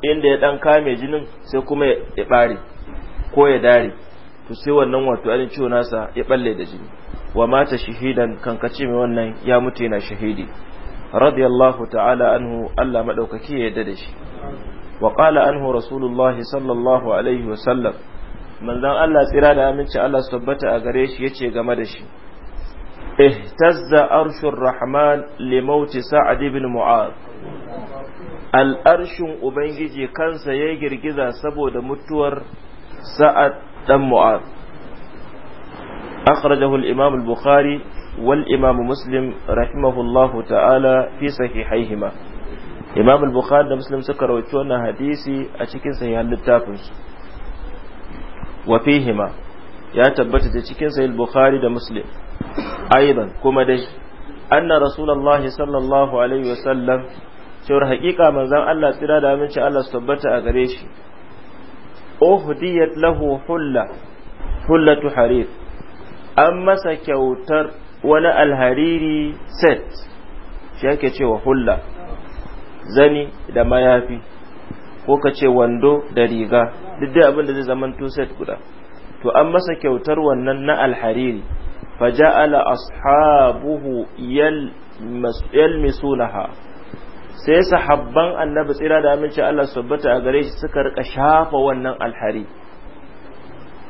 inda ya dan kame jinin sai kuma ya bare ko ya dare to sai wannan wato ainihin ciwo nasa ya balle da jini wa mata shahidan kankace mai wannan ya mutu yana shahidi radiyallahu ta'ala anhu Allah madaukaki ya yarda da shi wa qala anhu rasulullah sallallahu alaihi wa sallam manzon Allah tsira da aminci Allah su tabbata a gare shi yace game da shi ihtazza arshur rahman li mauti sa'd ibn mu'adh al'arshin ubangiji kansa ya girgiza saboda mutuwar sa'ad Ɗan mu'az akhrajahu al-imam al-bukhari wal muslim rahimahullahu ta'ala fi sahihaihima imam al-bukhari da muslim suka rawaito wannan hadisi a cikin sahihan littafin su wa fihima ya tabbata da cikin bukhari da muslim aidan kuma dai anna rasulullahi sallallahu alaihi wa sallam cewar haƙiƙa manzon Allah tsira da aminci Allah su tabbata a gare shi uhdiyat lahu hulla hullatu harif an masa kyautar wani alhariri set shi ake cewa hulla zani da mayafi ko ka ce wando da riga duk da abin da zai zama two set guda to an masa kyautar wannan na alhariri faja'ala ashabuhu yalmisunaha sai sahabban annabi tsira da aminci Allah su tabbata a gare shi suka rika shafa wannan alhari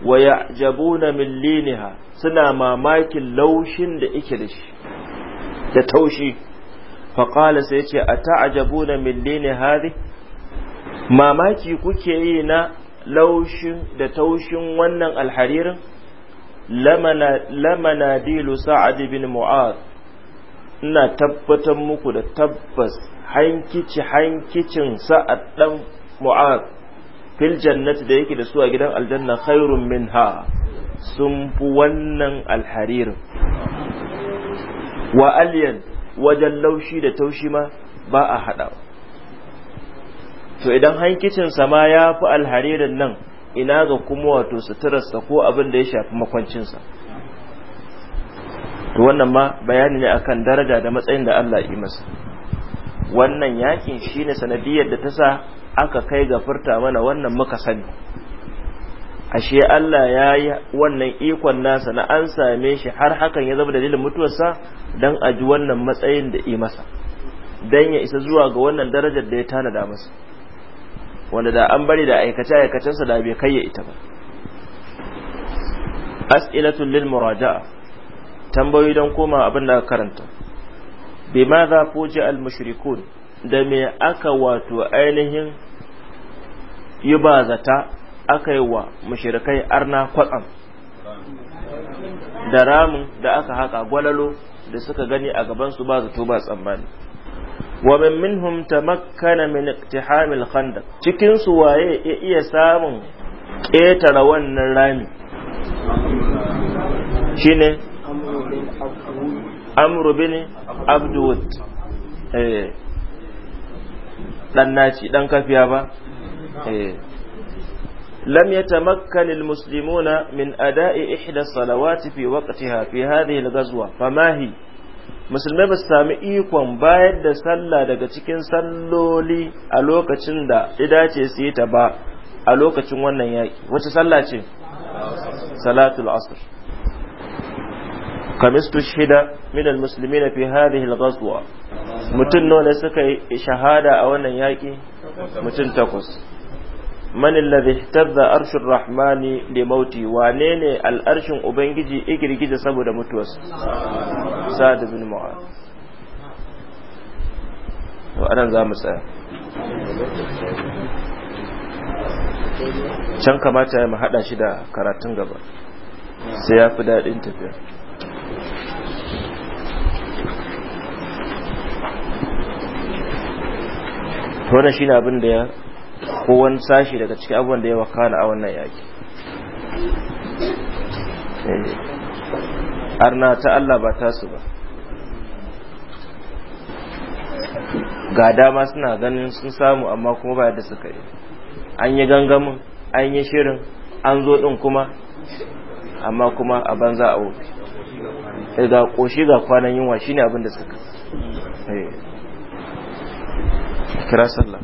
wa ya'jabuna min liniha suna mamakin laushin da yake da shi da taushi fa qala sai yace ata'jabuna min lini hadhi mamaki kuke yi na laushin da taushin wannan alharirin lamana lamana dilu sa'ad bin mu'adh ina tabbatar muku da tabbas hankici hankicin sa'ad dan mu'ad fil jannati da yake da su a gidan aljanna khairun minha sun fi wannan alharirin wa aliyan wajen laushi da taushi ma ba a haɗa to idan hankicin ma ya fi alharirin nan ina ga kuma wato suturarsa ko abin da ya shafi makwancinsa to wannan ma bayani ne akan daraja da matsayin da Allah yi masa wannan yakin shine sanadiyar da ta sa aka kai ga furta mana wannan muka sani ashe Allah ya yi wannan ikon nasa na an same shi har hakan ya zama dalilin mutuwarsa don a ji wannan matsayin da yi masa don ya isa zuwa ga wannan darajar da ya tanada masa wanda da an bari da aikace aikacensa da bai kai ya ita ba as'ilatul lil muraja'a tambayoyi don koma abin da karanta bi ma za fuji al-mushrikun da me aka wato ainihin yi ba zata aka yi wa mushrikai arna kwatsam da ramin da aka haka gwalalo da suka gani a gabansu ba zato ba tsammani wa min minhum tamakkana min iqtihamil khandaq cikin su waye ya iya samun ƙetare wannan rami shine amru bin abdud eh dan naci dan kafiya ba eh لم يتمكن المسلمون min ada'i ihda salawati fi وقتها في هذه الغزوة فما هي musulmai ba su sami ikon bayar da sallah daga cikin salloli a lokacin da idace dace su ta ba a lokacin wannan yaƙi wacce salla ce salatul asr shida, istushhida musulmi na fi hadhihi alghazwa mutun nawa ne suka yi shahada a wannan yaki mutun takwas man alladhi da arshin rahmani li mauti wane ne al'arshin ubangiji igirgije saboda mutuwarsa da bin mu'ad wa anan za mu tsaya can kamata ya mu hada shi da karatun gaba sai ya fi daɗin tafiya shi ne abin da ya ko wani sashi daga cikin abubuwan da ya wakana a wannan yaki eh, arna ta Allah ba tasu ba ga dama suna ganin sun samu amma kuma ba yadda suka yi an yi gangamin an yi shirin an zo din kuma amma kuma a banza a wofi ga koshi ga kwanan yunwa shine abin da suka eh. kira sallah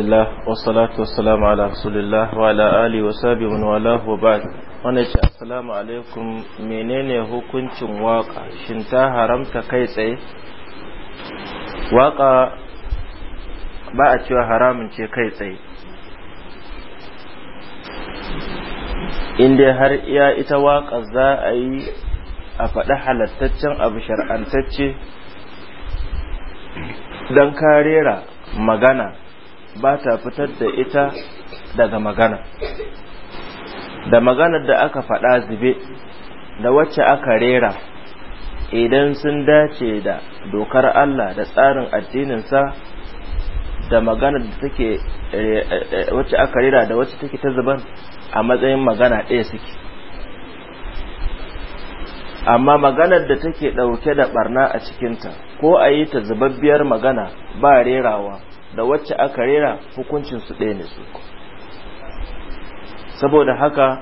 Alhamdulillah wassalatu wassalamu ala Rasulillah wa ala ali wa sahbihi wa ala wa ba'd. Wannan shi assalamu alaikum menene hukuncin waka shin ta haramta kai tsaye? Waka ba a cewa haramun ce kai tsaye. in dai har iya ita waƙa za a yi a faɗi halattaccen abu shar'antacce don karera magana ba ta fitar da ita daga magana da maganar da aka faɗa zube da wacce aka rera idan sun dace da dokar Allah da tsarin addininsa da maganar da take eh, eh, eh, wacce aka rera da wacce take ta zubar a matsayin magana ɗaya suke amma maganar da take ɗauke da barna a cikinta ko a yi ta zubabbiyar magana ba rerawa da wacce aka rera hukuncin su ɗaya ne su saboda haka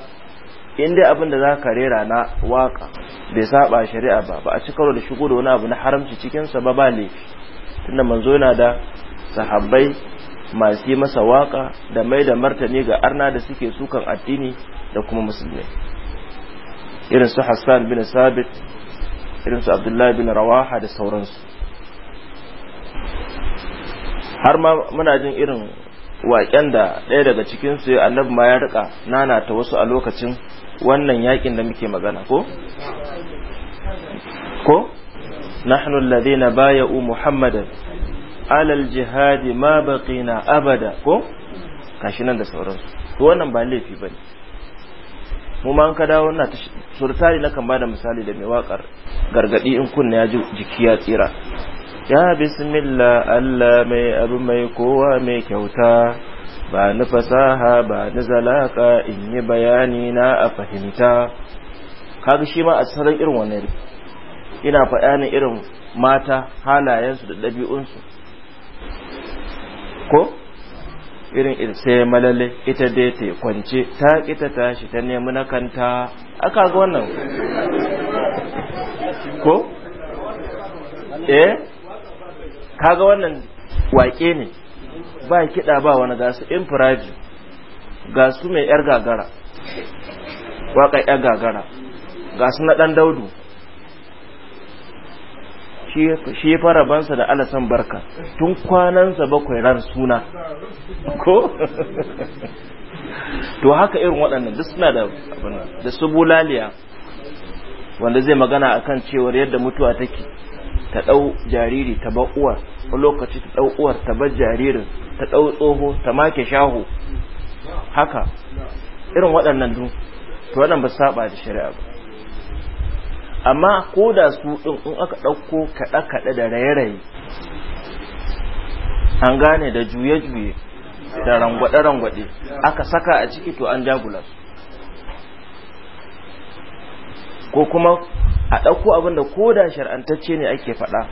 inda abin da za ka rera na waka bai saba shari'a ba ba a ci karo da shigo da wani abu na haramci cikinsa ba ba laifi tunda manzo yana da sahabbai masu yi masa waka da mai da martani ga arna da suke sukan addini da kuma musulmi irin su hassan bin sabit irin su abdullahi bin rawaha da sauransu har ma muna jin irin waƙen da ɗaya daga cikinsu ya annabi ma ya riƙa nana ta wasu a lokacin wannan yakin da muke magana ko? ko? nahnu alladhina baya'u muhammadan alal jihadi ma baqina abada ko kashi nan da sauransu to wannan ba laifi bane mu ma an ka dawo na surtari na kan bada misali da mai waƙar. gargadi in kunna ya ji jiki ya tsira ya bismillah Allah mai abu mai kowa mai kyauta ba ni fasaha ba ni zalaka in yi bayani na a fahimta kaga shi ma a tsaron irin wannan ina faɗa ne irin mata halayensu da ɗabi'unsu ko irin sai malalle ita dai ta kwance ta ita tashi ta nemi na kanta aka ga wannan ko eh kaga wannan wake ne ba kiɗa ba wani gasu infiraji gasu mai yar gagara waƙa yar gagara gasu na ɗan daudu shi ya fara bansa da alasan barka tun kwanansa bakwai ran suna ko [LAUGHS] to haka irin waɗannan duk suna da da su bulaliya wanda zai magana akan cewar yadda mutuwa take ta ɗau jariri ta ba a lokaci ta ɗau uwar ta bar jaririn ta ɗau tsoho ta make shaho haka irin waɗannan duk to waɗannan ba saba da shari'a ba amma ko da su ɗin in aka ɗauko kaɗe-kaɗe da raye-raye an gane da juye-juye da rangwaɗe-rangwaɗe aka saka a ciki to an jagula su ko kuma a ɗauko abin da ko da shar'antacce ne ake faɗa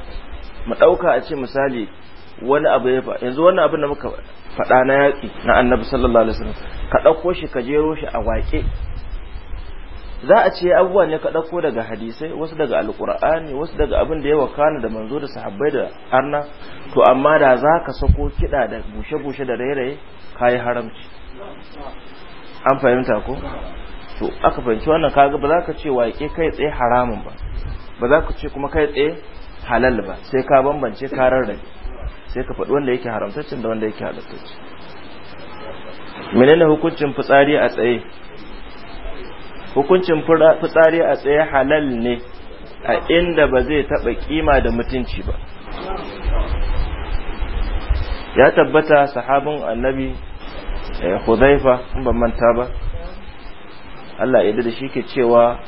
mu ɗauka a ce misali wani abu ya faɗa yanzu wani abin da muka faɗa na yaƙi na annabi sallallahu alaihi wasallam ka ɗauko shi ka jero shi a waƙe za a ce abubuwa ne ka ɗauko daga hadisai wasu daga alƙur'ani wasu daga abin da ya wakana da manzo da sahabbai da arna to amma da za ka sako kiɗa da bushe-bushe da rairaye ka yi haramci an fahimta ko to aka fahimci wannan kaga ba za ka ce waƙe kai tsaye haramun ba ba za ka ce kuma kai tsaye halal ba sai ka bambance ka rarrabe sai ka faɗi wanda yake haramtaccen da wanda yake halattacce menene hukuncin fitsari a tsaye hukuncin fitsari a tsaye halal ne a inda ba zai taɓa kima da mutunci ba ya tabbata sahabin annabi eh, Hudaifa in ban manta ba Allah ya da shi ke cewa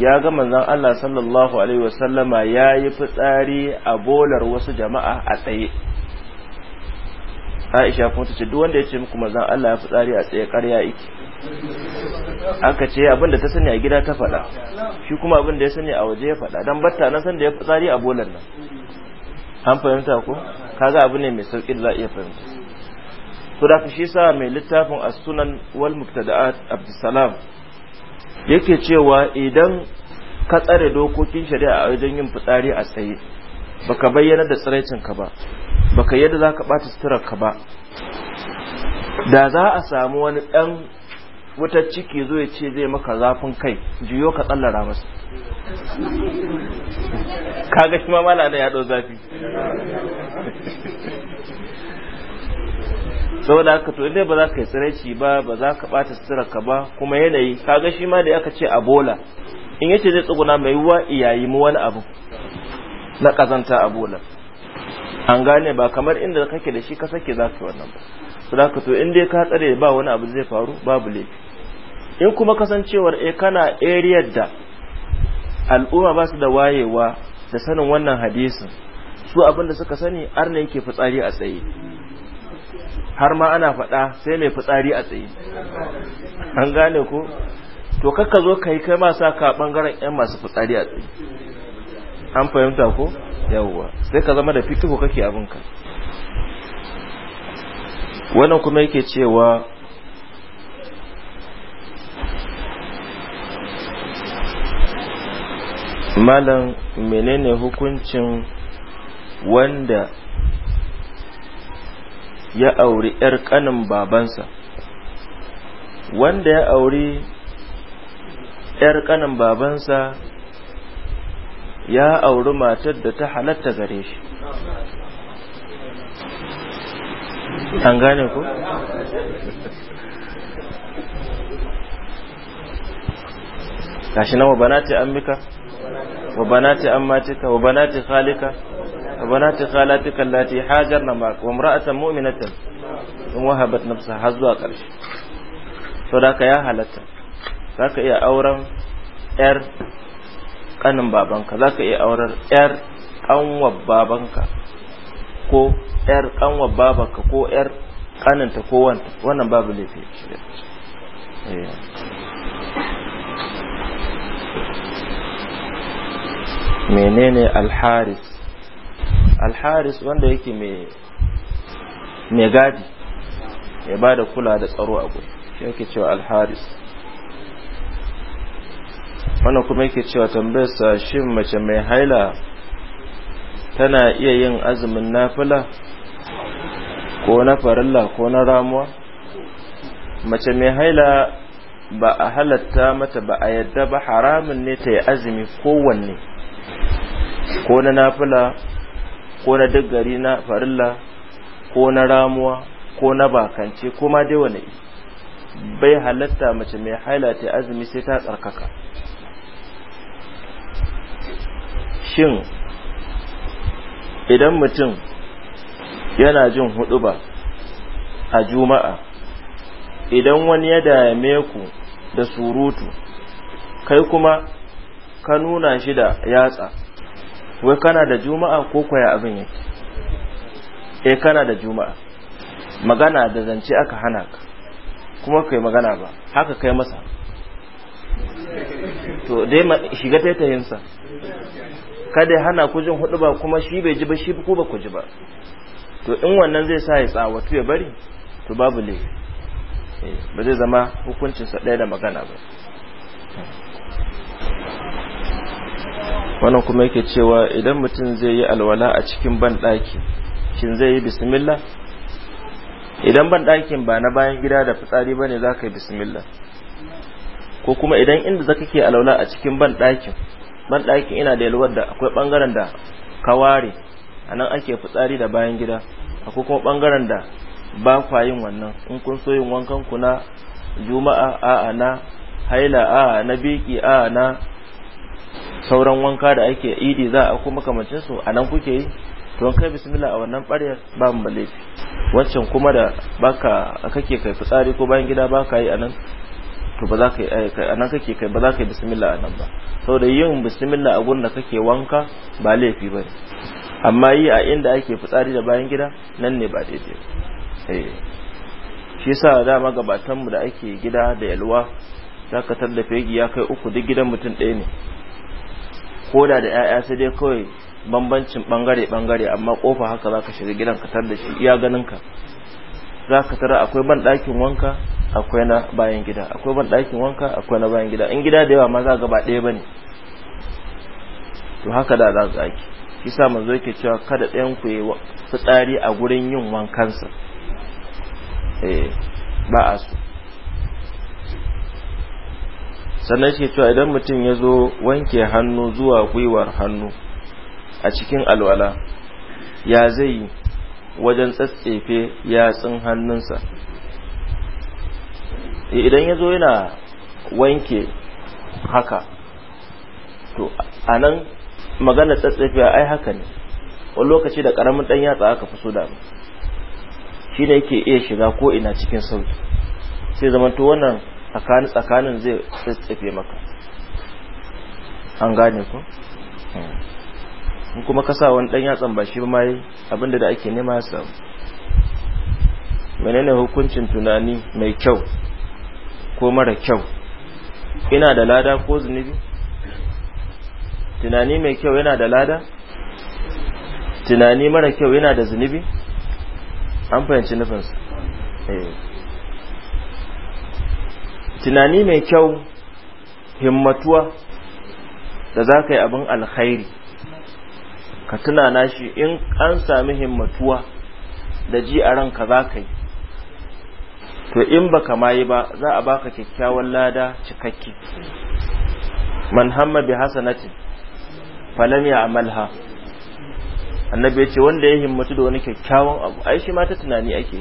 ya ga manzon Allah sallallahu alaihi wasallama ya yi fitsari a bolar wasu jama'a a tsaye Aisha kuma ta ce duk wanda ya ce muku manzon Allah ya fitsari a tsaye ƙarya yake aka ce abinda ta sani a gida ta faɗa shi kuma abinda ya sani a waje ya faɗa don batta nan san da ya tsari a bolan nan an fahimta ko kaga abu ne mai sauki da za a iya fahimta to da shi sa mai littafin a sunan wal mubtada'at abdussalam yake cewa idan ka tsare dokokin shari'a a wajen yin fitsari a tsaye baka bayyana da tsiraicin ka ba baka yadda za ka bata suturar ka ba da za a samu wani ɗan. wutar ciki zo ya ce zai maka zafin kai juyo ka tsallara masa [LAUGHS] kaga shi ma mala da yaɗo zafi [LAUGHS] saboda haka to dai ba za ka yi tsiraici ba ba za ka ɓata sirarka ba kuma yanayi kaga shi ma da aka ce a bola in yace zai tsuguna mai yiwuwa iyayi mu wani abu na ƙazanta a bola an gane ba kamar inda kake da shi ka sake za ka wannan ba su da to in dai ka tsare ba wani abu zai faru babu laifi in kuma kasancewar e kana ariyar da al'umma ba su da wayewa da sanin wannan hadisin su abinda suka sani arna yake fitsari a tsaye har ma ana faɗa sai mai fitsari a tsaye an gane ko to kakka zo ka yi kai masa ka bangaren 'yan masu fitsari a tsaye an fahimta ko yawwa sai ka zama da fitiko kake abinka wannan kuma yake cewa malam menene hukuncin wanda ya auri 'yar kanin babansa wanda ya auri 'yar kanin babansa ya auri matar da ta halatta gare shi an gane ku? gashi nawa bana ce an bika? wa banati ammatika wa banati khalika wa banati khalatika allati hajarna ma'ak wa imra'atan mu'minatan in wahabat nafsaha har zuwa ƙarshe to da ka ya halatta zaka iya auren yar kanin babanka zaka iya auren yar kanwar babanka ko yar kanwa babanka ko yar kaninta ko wanta wannan babu laifi menene alharis alharis wanda yake mai gadi ya ba kula da tsaro a yake cewa alharis wannan kuma yake cewa tambayar sa shin mace mai haila tana iya yin azumin nafila ko na farilla ko na ramuwa mace mai haila ba a halatta mata ba a yadda ba haramun ne ta yi azumi kowanne ko na nafila ko na duk gari na farilla ko na ramuwa ko na bakance ko ma dai wani bai halatta mace mai haila ta azumi sai ta tsarkaka shin idan mutum yana jin ba a juma'a idan wani ya dame ku da surutu kai kuma ka nuna shi da yatsa wai kana da juma'a ko kwaya abin yake eh kana da juma'a magana da zance aka hana ka kuma kai magana ba haka kai masa to dai shiga yinsa kada ya hana ku jin hudu ba kuma shi bai ji ba shi ko ba ku ji ba to in wannan zai sa ya tsawatu ya bari to babu laifi eh, ba zai zama hukuncinsa ɗaya da magana ba wannan kuma yake cewa idan mutum zai yi alwala a cikin banɗaki shin zai yi bismillah idan banɗakin ba na bayan gida da fitsari ba ne za ka yi bismillah ko kuma idan inda za ke alwala a cikin banɗakin banɗakin ina da yalwar da akwai ɓangaren da kaware a nan ake fitsari da bayan gida akwai kuma ɓangaren da ba kwa yin wannan in kun so yin wankan ku na juma'a a'a na haila a'a na biki a'a na sauran wanka da ake idi za a ko makamancin su a nan kuke yi to kai bismillah a wannan ɓaryar ba mu bale wancan kuma da baka kake kai fitsari ko bayan gida baka yi a nan to ba za ka yi eh, a nan kake kai ba za ka yi bismillah a nan ba saboda yin bismillah a gurin da kake wanka ba laifi ba ne amma yi a inda ake fitsari da bayan gida nan ne ba daidai eh shi sa dama gabatan da ake gida da yalwa za ka tallafe ya kai uku duk gidan mutum ɗaya ne koda da 'ya'ya sai dai kawai bambancin bangare-bangare amma kofa haka zaka shiga gidan ka tar da shi iya ganin za ka tara akwai ban ɗakin wanka akwai na bayan gida akwai ban ɗakin wanka akwai na bayan gida in gida da yawa ma za ba ɗaya bane to haka da za su ake kisa manzo yake cewa kada ɗayan ku yi fitsari a gurin yin wankansa eh ba a so sannan shi cewa idan mutum ya zo wanke hannu zuwa gwiwar hannu a cikin alwala ya zai yi wajen tsatsefe yatsun hannunsa eh, idan ya zo yana wanke haka to a nan magana tsatsefe ai haka ne wani lokaci da ƙaramin ɗan yatsa aka fi so da shi ne yake iya shiga ko ina cikin sauki sai zamanto wannan tsakanin tsakanin zai tsatsafe maka an gane ku in kuma ka sa wani dan yatsan ba shi ma abinda da ake nema ya samu menene hukuncin tunani mai kyau ko mara kyau ina da lada ko zunubi tunani mai kyau yana da lada tunani mara kyau yana da zunubi an fahimci nufinsa eh tunani mai kyau himmatuwa da za ka yi abin alkhairi ka tunana shi in an sami himmatuwa da ji a ranka za ka yi to in baka ma yi ba za a baka kyakkyawan lada cikakke man hamma bi hasanatin falam ya amalha annabi ce wanda ya himmatu da wani kyakkyawan abu ai shi ma ta tunani ake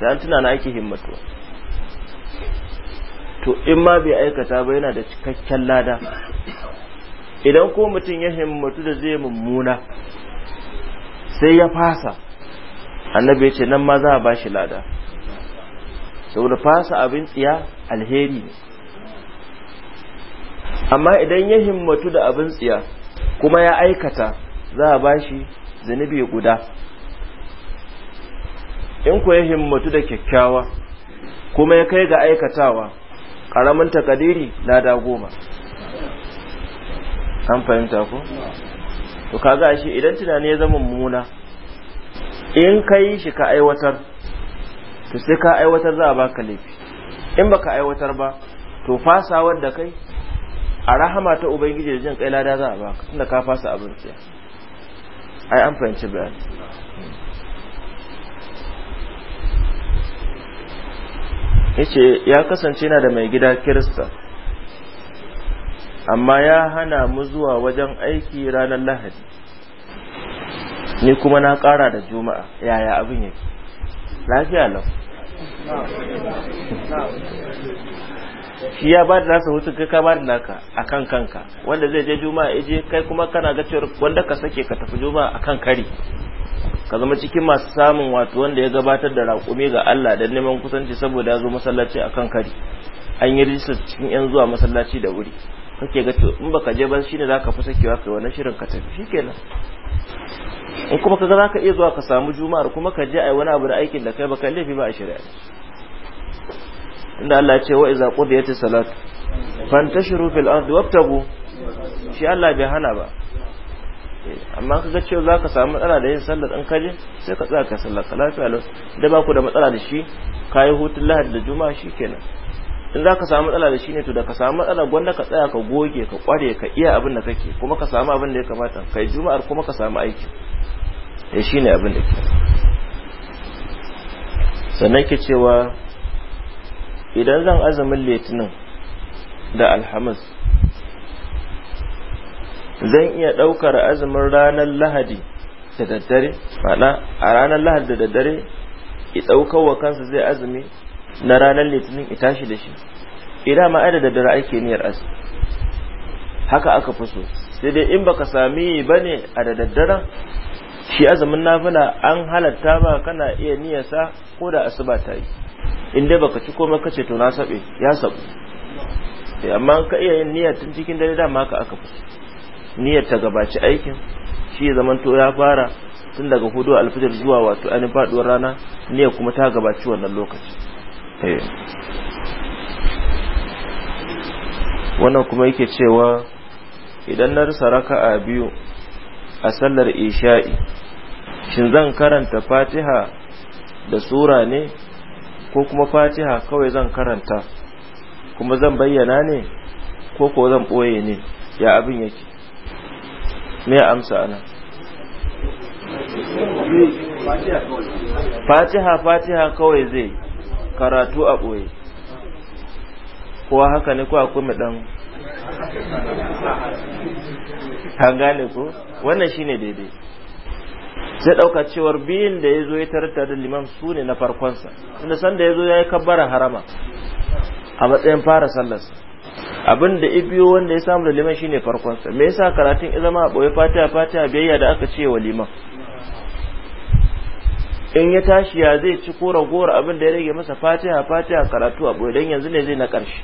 da an tunana ake himmatuwa to in ma bai aikata ba yana da cikakken lada idan ko mutum ya himmatu da zai mummuna sai ya fasa annabi ya ce nan ma za a ba shi lada saboda fasa abin tsiya alheri amma idan ya himmatu da abin tsiya kuma ya aikata za a ba shi zunubi guda in ku ya himmatu da kyakkyawa kuma ya kai ga aikatawa karamin takadiri lada goma an fahimta ko to kaga shi idan tunani ya zama mummuna in ka yi shi ka aiwatar to sai ka aiwatar za a ba ka laifi in baka aiwatar ba to fasawar da kai a rahama ta ubangiji da jin kai lada za a baka tunda ka fasa abin tsaya ai an fahimci bayani yace ya kasance na da mai gida kirista amma ya hana mu zuwa wajen aiki ranar lahadi ni kuma na kara da juma'a yaya abin yake lafiya lau shi ya ba da nasa hutun kai ka ba da naka a kan kanka wanda zai je juma'a ya je kai kuma kana ga cewar wanda ka sake ka tafi juma'a a kan kari ka zama cikin masu samun wato wanda ya gabatar da raƙumi ga Allah da neman kusanci saboda ya zo masallaci a kan kari an yi rijista cikin yan zuwa masallaci da wuri kake ga to in baka je ba shine zaka fi sakewa kai wannan shirin ka tafi shikenan in kuma za zaka iya zuwa ka samu juma'ar kuma ka je ai wani abu da aikin da kai baka laifi ba a shari'a inda Allah ya ce wa iza qudiyati salatu fantashiru fil ardi wabtagu shi Allah bai hana ba eh, amma ka ga cewa zaka samu matsala da yin sallar in kaje sai ka tsaya ka sallar salatu lafiya da ba ku da matsala da shi kai hutun lahadi da juma'a shikenan in za ka samu matsala da shi ne to da ka samu matsala gwanda ka tsaya ka goge ka kware ka iya abin da kake kuma ka samu abin da ya kamata kai juma'ar kuma ka samu aiki ya eh, shi ne abin da ke sannan ke cewa idan zan azumin litinin da alhamis zan iya ɗaukar azumin ranar lahadi da daddare mana a ranar lahadi da daddare ya wa kansa zai azumi na ranar litinin ya tashi da shi idan ma da daddare ake niyyar azumi haka aka fi so sai dai in baka sami ba ne a da daddaren shi azumin nafila an halatta ba kana iya niyasa ko da asuba ta yi in dai baka ci komai kace to na sabe ya sabu eh, amma ka iya yin niyyar tun cikin dare da ka aka fi niyyar ta gabaci aikin shi zaman to ya fara tun daga hudu alfajar zuwa wato ainihin faduwar rana niyyar kuma ta gabaci wannan lokaci eh. wannan kuma yake cewa idan na rasa raka'a biyu a sallar isha'i shin zan karanta fatiha da sura ne ko kuma fatiha kawai zan karanta kuma zan bayyana ne ko ko zan ɓoye ne ya abin yake me amsa ana fatiha fatiha kawai zai karatu a ɓoye kowa haka ne ko kuma ɗan an gane ku wannan shine daidai sai ɗauka cewar biyun da ya zo ya tarata da liman su ne na farkonsa inda sanda ya zo ya yi kabbara harama a matsayin fara sallarsa abin da ibiyo wanda ya samu da liman shine farkonsa me yasa karatun ya zama a ɓoye fatiha fatiha biyayya da aka ce wa liman in ya tashi ya zai ci kora ragowar abin da ya rage masa fatiha fatiha karatu a ɓoye don yanzu ne zai na ƙarshe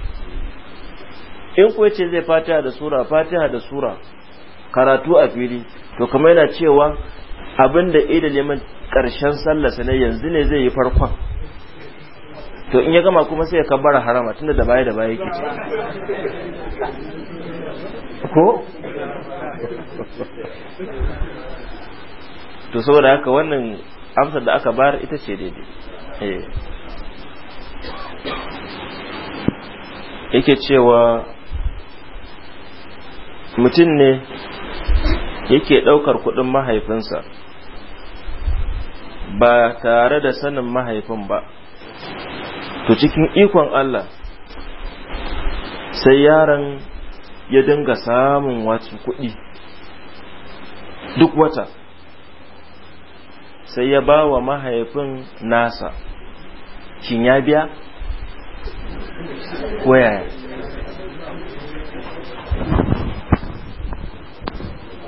in ko yace zai fatiha da sura fatiha da sura karatu a fili to kuma yana cewa abinda da neman karshen sallah ne yanzu ne zai yi farkon to in ya gama kuma sai ya kabbara harama tunda da baya da baya yake ko to saboda haka wannan amsar da aka bayar ita ce daidai eh. yake cewa mutum ne yake ɗaukar kuɗin mahaifinsa ba tare da sanin mahaifin ba to cikin ikon Allah sai yaron ya dinga samun wasu kuɗi duk wata sai ya ba wa mahaifin nasa shin ya biya ko yaya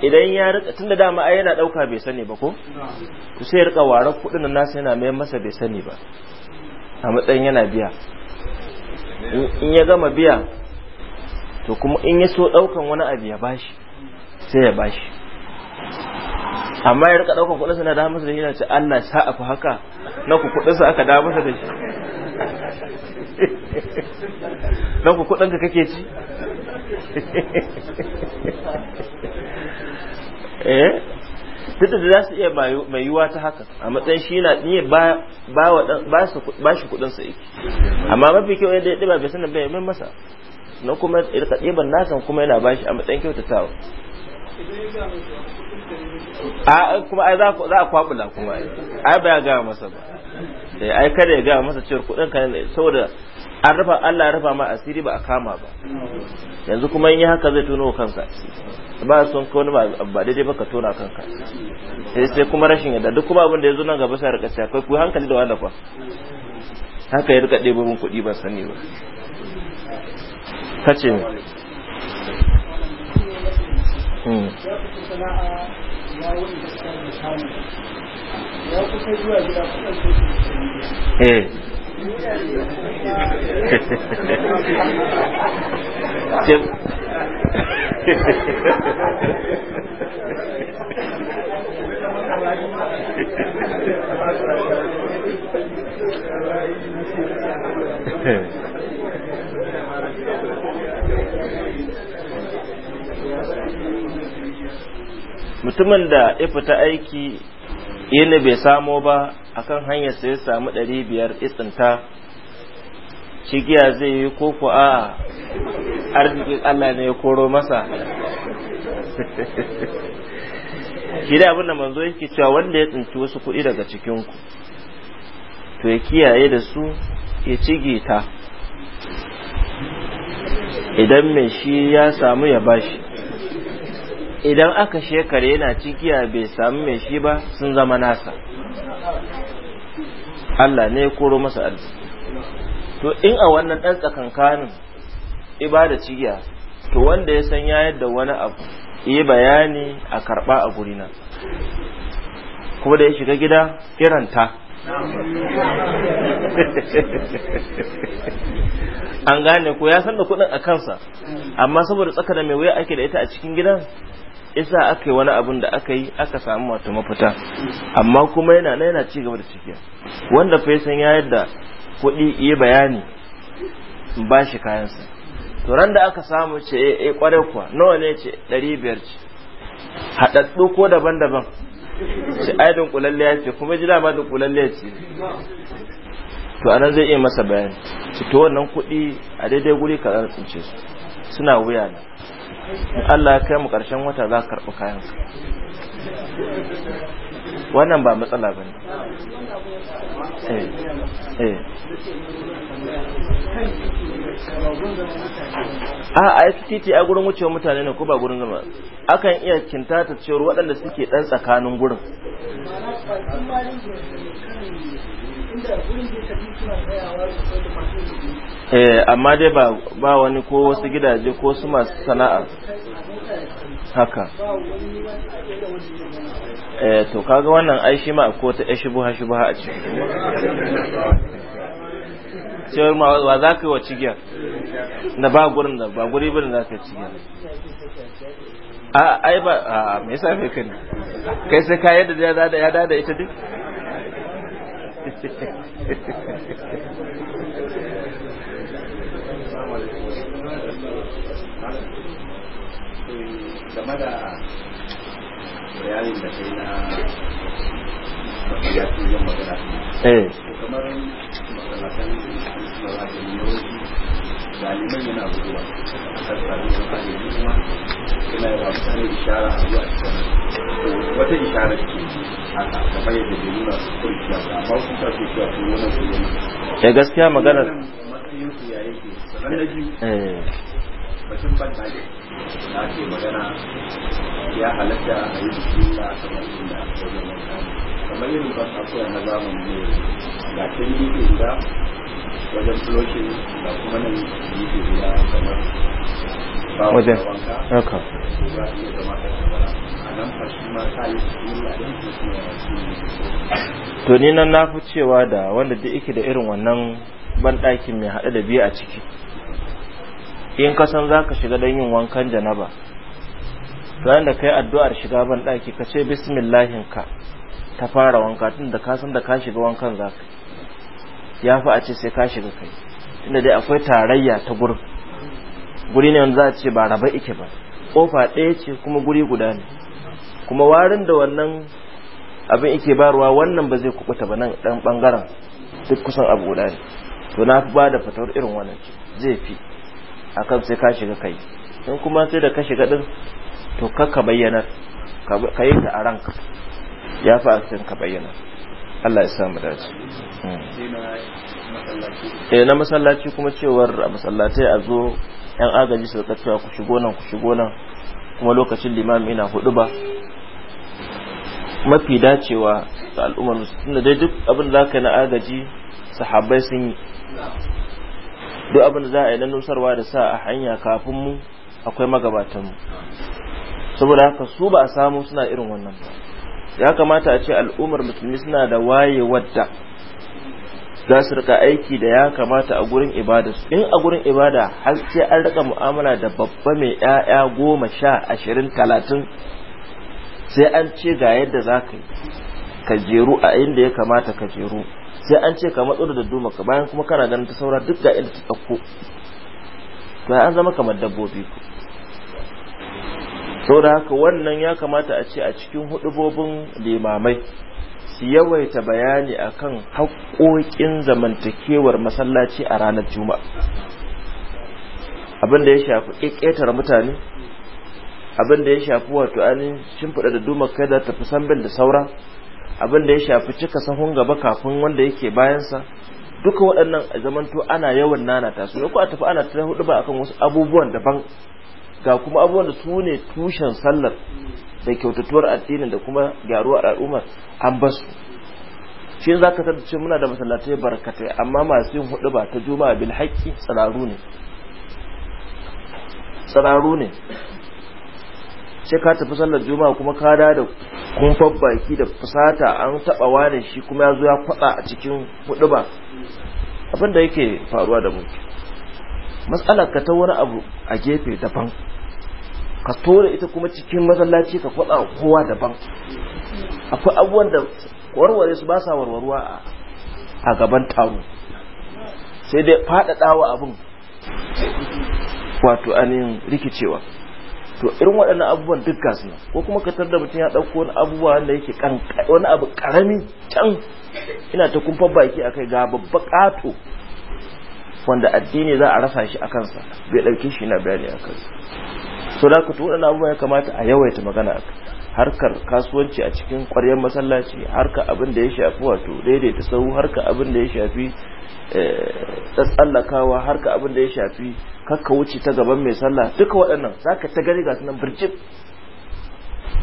idan ya rika tun da dama ai yana dauka bai sani ba ko to sai ya rika ware kudin nan nasa yana mai masa bai sani ba a matsayin yana biya in ya gama biya to kuma in ya so daukan wani abu ya bashi sai ya bashi amma ya rika daukan kudin sa na da masa da yana ce Allah sa afu haka na ku kudin sa aka da masa da shi [LAUGHS] na ku kudin ka kake ci [LAUGHS] eh duk da za su iya mai yiwa ta haka a matsayin shi na iya ba ba shi kudin sa yake amma mafi kyau yadda ya ɗiba bai sanin bai mai masa na kuma irka ɗiban nasan kuma yana ba shi a matsayin kyautatawa a kuma ai za a kwabula kuma ai ba ya gaya masa ba sai eh, ai kada ya ga masa cewa kudin ka saboda an rufa Allah rufa ma asiri ba a kama ba yanzu kuma in yi haka zai tono kanka ba son ko ba ba daidai ba ka tona kanka sai sai kuma rashin yadda duk kuma abin da yazo nan gaba sai rika sai akwai ku hankali da wannan fa haka ya rika debo mun kuɗi ban sani ba kace ne hmm Eh. mutumin da ya fita aiki yana bai samo ba akan hanyar sai ya samu ɗari biyar itsinta Cigiya zai yi ko ku a arzikin Allah ne ya koro masa [LAUGHS] shi da abin da manzo yake cewa wanda ya tsinci wasu kuɗi daga cikinku to ya kiyaye da su ya cige ta idan mai shi ya samu ya bashi idan aka shekare yana cikiya bai samu mai shi ba sun zama nasa Allah ne koro masa arziki to in a wannan ɗan tsakankanin ibada cikiya to wanda ya san ya yadda wani abu yi bayani a karɓa a gurina kuma da ya shiga gida kiranta an gane ko ya san da kuɗin a kansa amma saboda tsaka da mai wuya ake da ita a cikin gidan isa aka yi wani abin da aka yi aka samu wato mafita amma kuma yana na yana ci gaba da tafiya wanda fa san ya yadda kuɗi iya bayani ba shi kayansa to ran da aka samu ce eh kware eh, kuwa nawa ne ce ɗari ce haɗaɗɗu ko daban-daban ce ai kulalle ce kuma ji dama kulalle ce to anan zai iya masa bayani to wannan kuɗi a daidai guri kaɗan tsince su suna wuya na Allah ya kai mu ƙarshen wata za ka karɓi kayan su wannan ba matsala ba ne eh eh a a yi titi a gurin wucewa mutane ne ko ba gurin gama akan iya kinta ta cewar waɗanda suke ɗan tsakanin gurin eh amma dai ba wani ko wasu gidaje ko su masu sana'a haka eh, to kaga wannan ai shi ma ko ta shi shubha a ciki cewar wa za ka yi wa cigiyar da ba gurin da ba guri birnin za ka yi cigiyar a ai ba a mai safe kai kan kai sai ka yadda ya dada ya dada ita duk game da bayanin da kai na ya magana eh. kamar masallatan da yawanci zaliman yana buɗewa a sassanin da ba ne kuma suna yi wasu tare ishara a zuwa cikin wata ishara ce haka da bayan da bai nuna su kurkiya ba amma sun ta su kiwa kuma wani su yana ya gaskiya magana. matsayin su ya yake sannan na biyu eh. batun ban tage da ake magana ya halatta a yi bikin da a kamar inda wajen mutane kamar yin ba a kasuwa na zamani ne ga can gefe guda wajen floshin da kuma nan gefe guda kamar wajen su su za yi zama haka to ni nan na fi cewa da wanda duk yake da irin wannan banɗakin mai haɗe da biyu a ciki in kasan za ka shiga don yin wankan janaba ranar da kai addu'ar shiga ban daki ka ce bismillahin ka ta fara wanka tun da ka san da ka shiga wankan za ka ya fi a ce sai ka shiga kai inda dai akwai tarayya ta gurin guri ne wanda za a ce ba raba ike ba kofa ɗaya ce kuma guri guda ne kuma warin da wannan abin ike barwa wannan ba zai kubuta ba nan ɗan ɓangaren duk kusan abu guda ne to na fi ba da fatawar irin wannan zai fi akan sai ka shiga kai in kuma sai da ka shiga ɗin to ka bayyana ka yi ta a ranka ya fi asirin ka bayyana Allah ya samu dace hmm. eh na masallaci kuma cewar a masallatai a zo yan agaji su ka cewa ku shigo nan ku shigo nan kuma lokacin limami na hudu ba mafi dacewa da al'ummar musulmi dai duk abin da zaka na agaji sahabbai sun yi duk abin da za a yi na nusarwa da sa a hanya kafin mu akwai magabatanmu. saboda haka su ba a samu suna irin wannan ya kamata a ce al'ummar musulmi suna da waye wadda za su rika aiki da ya kamata a gurin ibada in a gurin ibada har sai an rika mu'amala da babba mai ƴaƴa goma sha ashirin talatin sai an ce ga yadda za ka yi ka a inda ya kamata ka sai an ce ka matsu da dadduma ka bayan kuma kana ganin ta saura duk ga inda ta ɗauko to an zama kamar dabbobi sau da haka wannan ya kamata a ce a cikin hudubobin limamai su yawaita bayani akan haƙoƙin zamantakewar masallaci a ranar juma'a abin ya shafi ƙeƙetar mutane abin da ya shafi wato anin shimfiɗa da duma kai da tafi sambin da saura abin ya shafi cika sahun gaba kafin wanda yake bayansa duka waɗannan zamanto ana yawan nanata su ko a tafi ana ta hudu ba akan wasu abubuwan daban ga kuma abubuwan da su ne tushen sallar da kyautatuwar addinin da kuma gyaruwar al'ummar an basu shi za ka tattace muna da masallatai barkatai amma masu yin hudu ba ta juma'a bil haƙƙi tsararru ne tsararru ne sai ka tafi sallar juma kuma ka da da kumfan baki da fusata an taɓa wane shi kuma ya zo ya kwatsa a cikin hudu ba abin da yake faruwa da mu matsalar ka ta wani abu a gefe daban ka tora ita kuma cikin masallaci ka faɗa kowa daban akwai abubuwan da warware su ba sa warwarwa a gaban taro sai dai faɗaɗawa abin wato anin rikicewa to irin waɗannan abubuwan duk gasu nan ko kuma katar da mutum ya ɗauko wani abubuwa wanda yake wani abu ƙarami can ina ta kumfan baki a kai ga babba wanda addini za a rasa shi a kansa bai ɗauke shi na bayani a kansa so da kuta wannan abubuwa ya kamata a yawaita magana harkar kasuwanci a cikin ƙwaryar masallaci harka abin da ya shafi wato daidaita sau harka abin da ya shafi eh, tsallakawa harka abin da ya shafi kakka wuce ta gaban mai sallah duka waɗannan za ka ta gani gasu nan birjin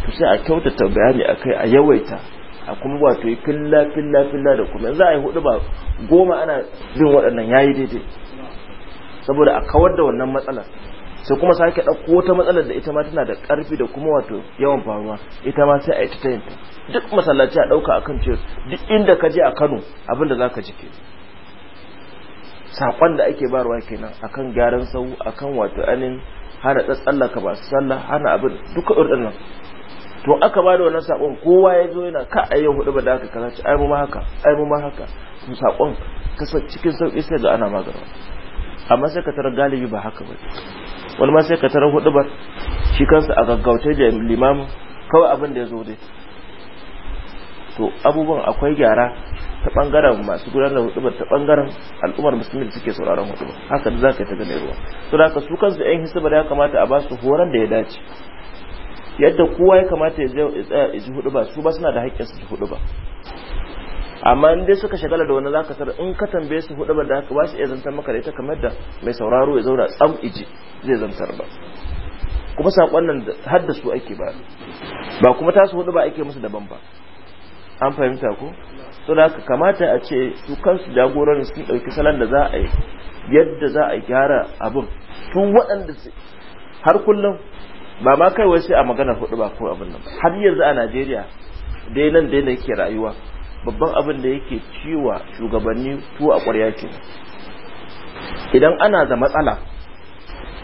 to sai a kyautata bayani a kai a yawaita a kuma wato yi filla filla filla da kuma za a yi hudu ba goma ana bin waɗannan ya yi daidai saboda a kawar da wannan matsalar sai kuma sake ɗauko wata matsalar da ita ma tana da ƙarfi da kuma wato yawan faruwa ita ma sai a ita tayin duk masallaci a ɗauka akan ce duk inda ka je a kano abin da za ka ji saƙon da ake barwa kenan akan gyaran sau akan wato anin hana ka ba su sallah hana abin duka irin nan to aka ba da wannan saƙon kowa ya zo yana ka a yau hudu ba da aka kaza ai mu ma haka ai mu ma haka saƙon cikin sauƙi sai ga ana magana amma sai ka tarar galibi ba haka ba wani ma sai ka tarar hudu ba shi kansa a gaggauta da limamin kawai abin da ya zo dai to abubuwan akwai gyara ta bangaren masu gudanar da hudu ta bangaren al'ummar musulmi da suke sauraron hudu haka da za ka ta gane ruwa to da su kansu yan hisaba ya kamata a ba horon da ya dace yadda kowa ya kamata ya ji hudu ba su ba suna da haƙƙin su ji hudu ba amma in dai suka shagala da wani zaka tar in ka tambaye su hudu ba da haka ba su iya zantar maka da ita kamar da mai sauraro ya zauna tsam iji zai zantar ba kuma saƙon nan har da su ake ba ba kuma tasu hudu ba ake musu daban ba an fahimta ko to da haka kamata a ce su kansu jagoran su ɗauki salon da za a yi yadda za a gyara abin tun waɗanda har kullum ba ma kai wai sai a magana hudu ba ko abin nan har yanzu a Najeriya dai nan dai ne yake rayuwa babban abin da yake ciwa shugabanni tuwo a ƙwarya ce idan ana da matsala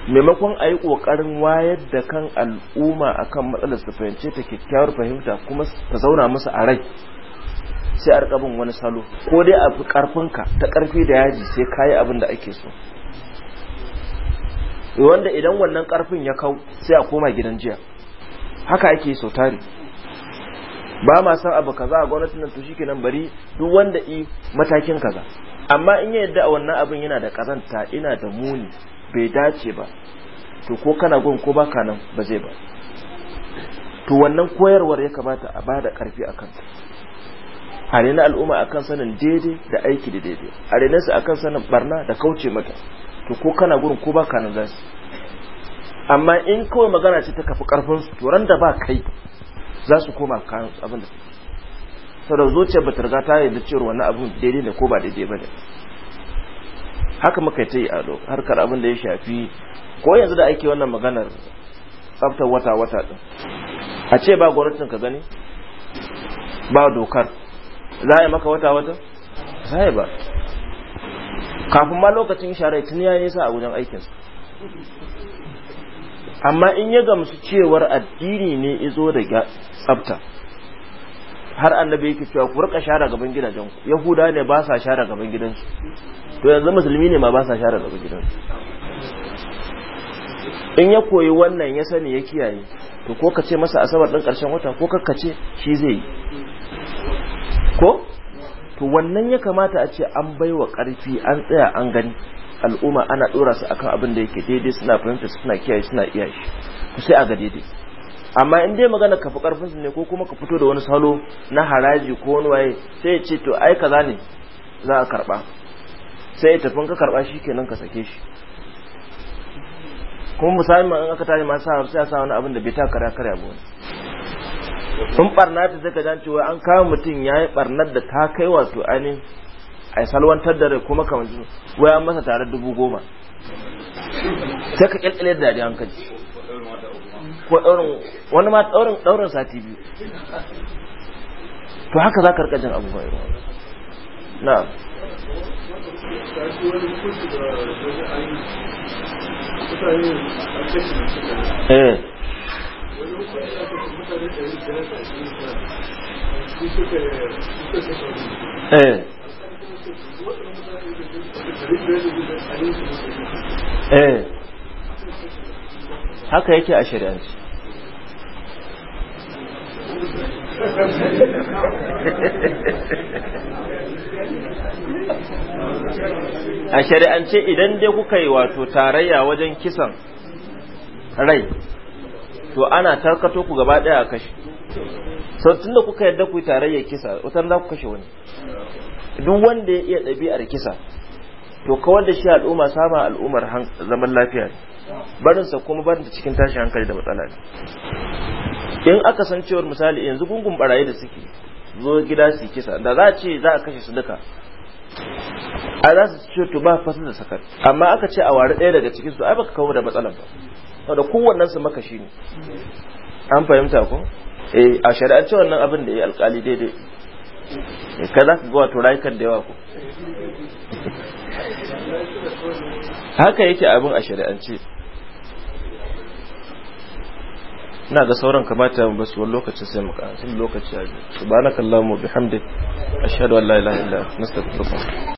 maimakon a yi ƙoƙarin wayar da kan al'umma akan matsalar su fahimce ta kyakkyawar fahimta kuma ta zauna musu a rai sai a rikabin wani salo ko dai a fi ƙarfinka ta ƙarfi da yaji sai kayi abin da ake so wanda idan wannan ƙarfin ya kau sai a koma gidan jiya haka ake sautari ba ma san abu kaza a gwamnatin nan to kenan bari duk wanda i matakin kaza amma in ya yadda a wannan abin yana da kazanta ina da muni bai dace ba to ko kana gun ko baka nan ba zai ba to wannan koyarwar ya kamata a bada karfi akan a rena al'umma akan sanin daidai da aiki da daidai a rena su akan sanin barna da kauce mata to ko kana gurin ko baka nan zasu amma in kawai magana ce ta kafi karfin su to ran da ba kai za su koma kayan abin da suke da zuciya ba ta riga ta yarda cewa wani abin daidai ne ko ba daidai ba ne haka muka ta yi ado harkar abin da ya shafi ko yanzu da ake wannan maganar tsabtar wata wata din a ce ba gwamnatin ka gani ba dokar za a yi maka wata wata za a ba kafin ma lokacin share tun ya nisa a wajen aikinsa amma in ya gamsu cewar addini ne izo da tsabta har annabi yake cewa ku rika share gaban gidajen ku yahuda ne ba sa share gaban gidansu to yanzu musulmi ne ma ba sa share gaban gidansu in ya koyi wannan ya sani ya kiyaye to ko ka ce masa asabar din karshen wata ko ka ce shi zai yi ko to wannan ya kamata a ce an baiwa karfi an tsaya an gani al'umma ana dora su akan abin da yake daidai suna fahimta suna kiyaye suna iya shi ku sai a ga daidai amma in dai magana ka fi karfin su ne ko kuma ka fito da wani salo na haraji ko wani waye sai ya ce to ai kaza ne za a karba sai ya tafi ka karba shi kenan ka sake shi kuma misali ma in aka tare ma sa sai a sa wani abin da bai ta kare kare ba wani in barna ta sai ka jan cewa an kawo mutum ya yi barnar da ta kai wato ainihin a salwantar da rai kuma kamar waya masa tare dubu goma sai ka kyalkyale da dariya hankali ko daurin wani ma daurin daurin sati biyu to haka za ka rika jin abubuwa irin na eh eh eh haka yake a shari'anci a shari'ance idan dai kuka yi wato tarayya wajen kisan rai to ana tarkato ku gaba daya a kashe sau tun da kuka yadda ku yi tarayyar kisa wutan za ku kashe wani duk wanda ya iya ɗabi'ar kisa to kawar da shi al'umma samun al'ummar zaman lafiya barinsa kuma barin ta cikin tashin hankali da matsala ne in aka san cewar misali yanzu gungun barayi da suke zo gida su kisa da za a ce za a kashe su duka a za su ce to ba fasin da sakar amma aka ce a wari ɗaya daga cikin su ai baka kawo da matsalan ba saboda kowannen su makashi ne an fahimta ko eh a shari'ance wannan abin da ya alkali daidai kai za ka ga wato rayukan da yawa ko haka yake abin a shari'ance ina ga sauran kamata mu basu wani lokaci sai mu kan lokaci ya zo subhanakallahumma bihamdik ashhadu an la ilaha illa anta astaghfiruka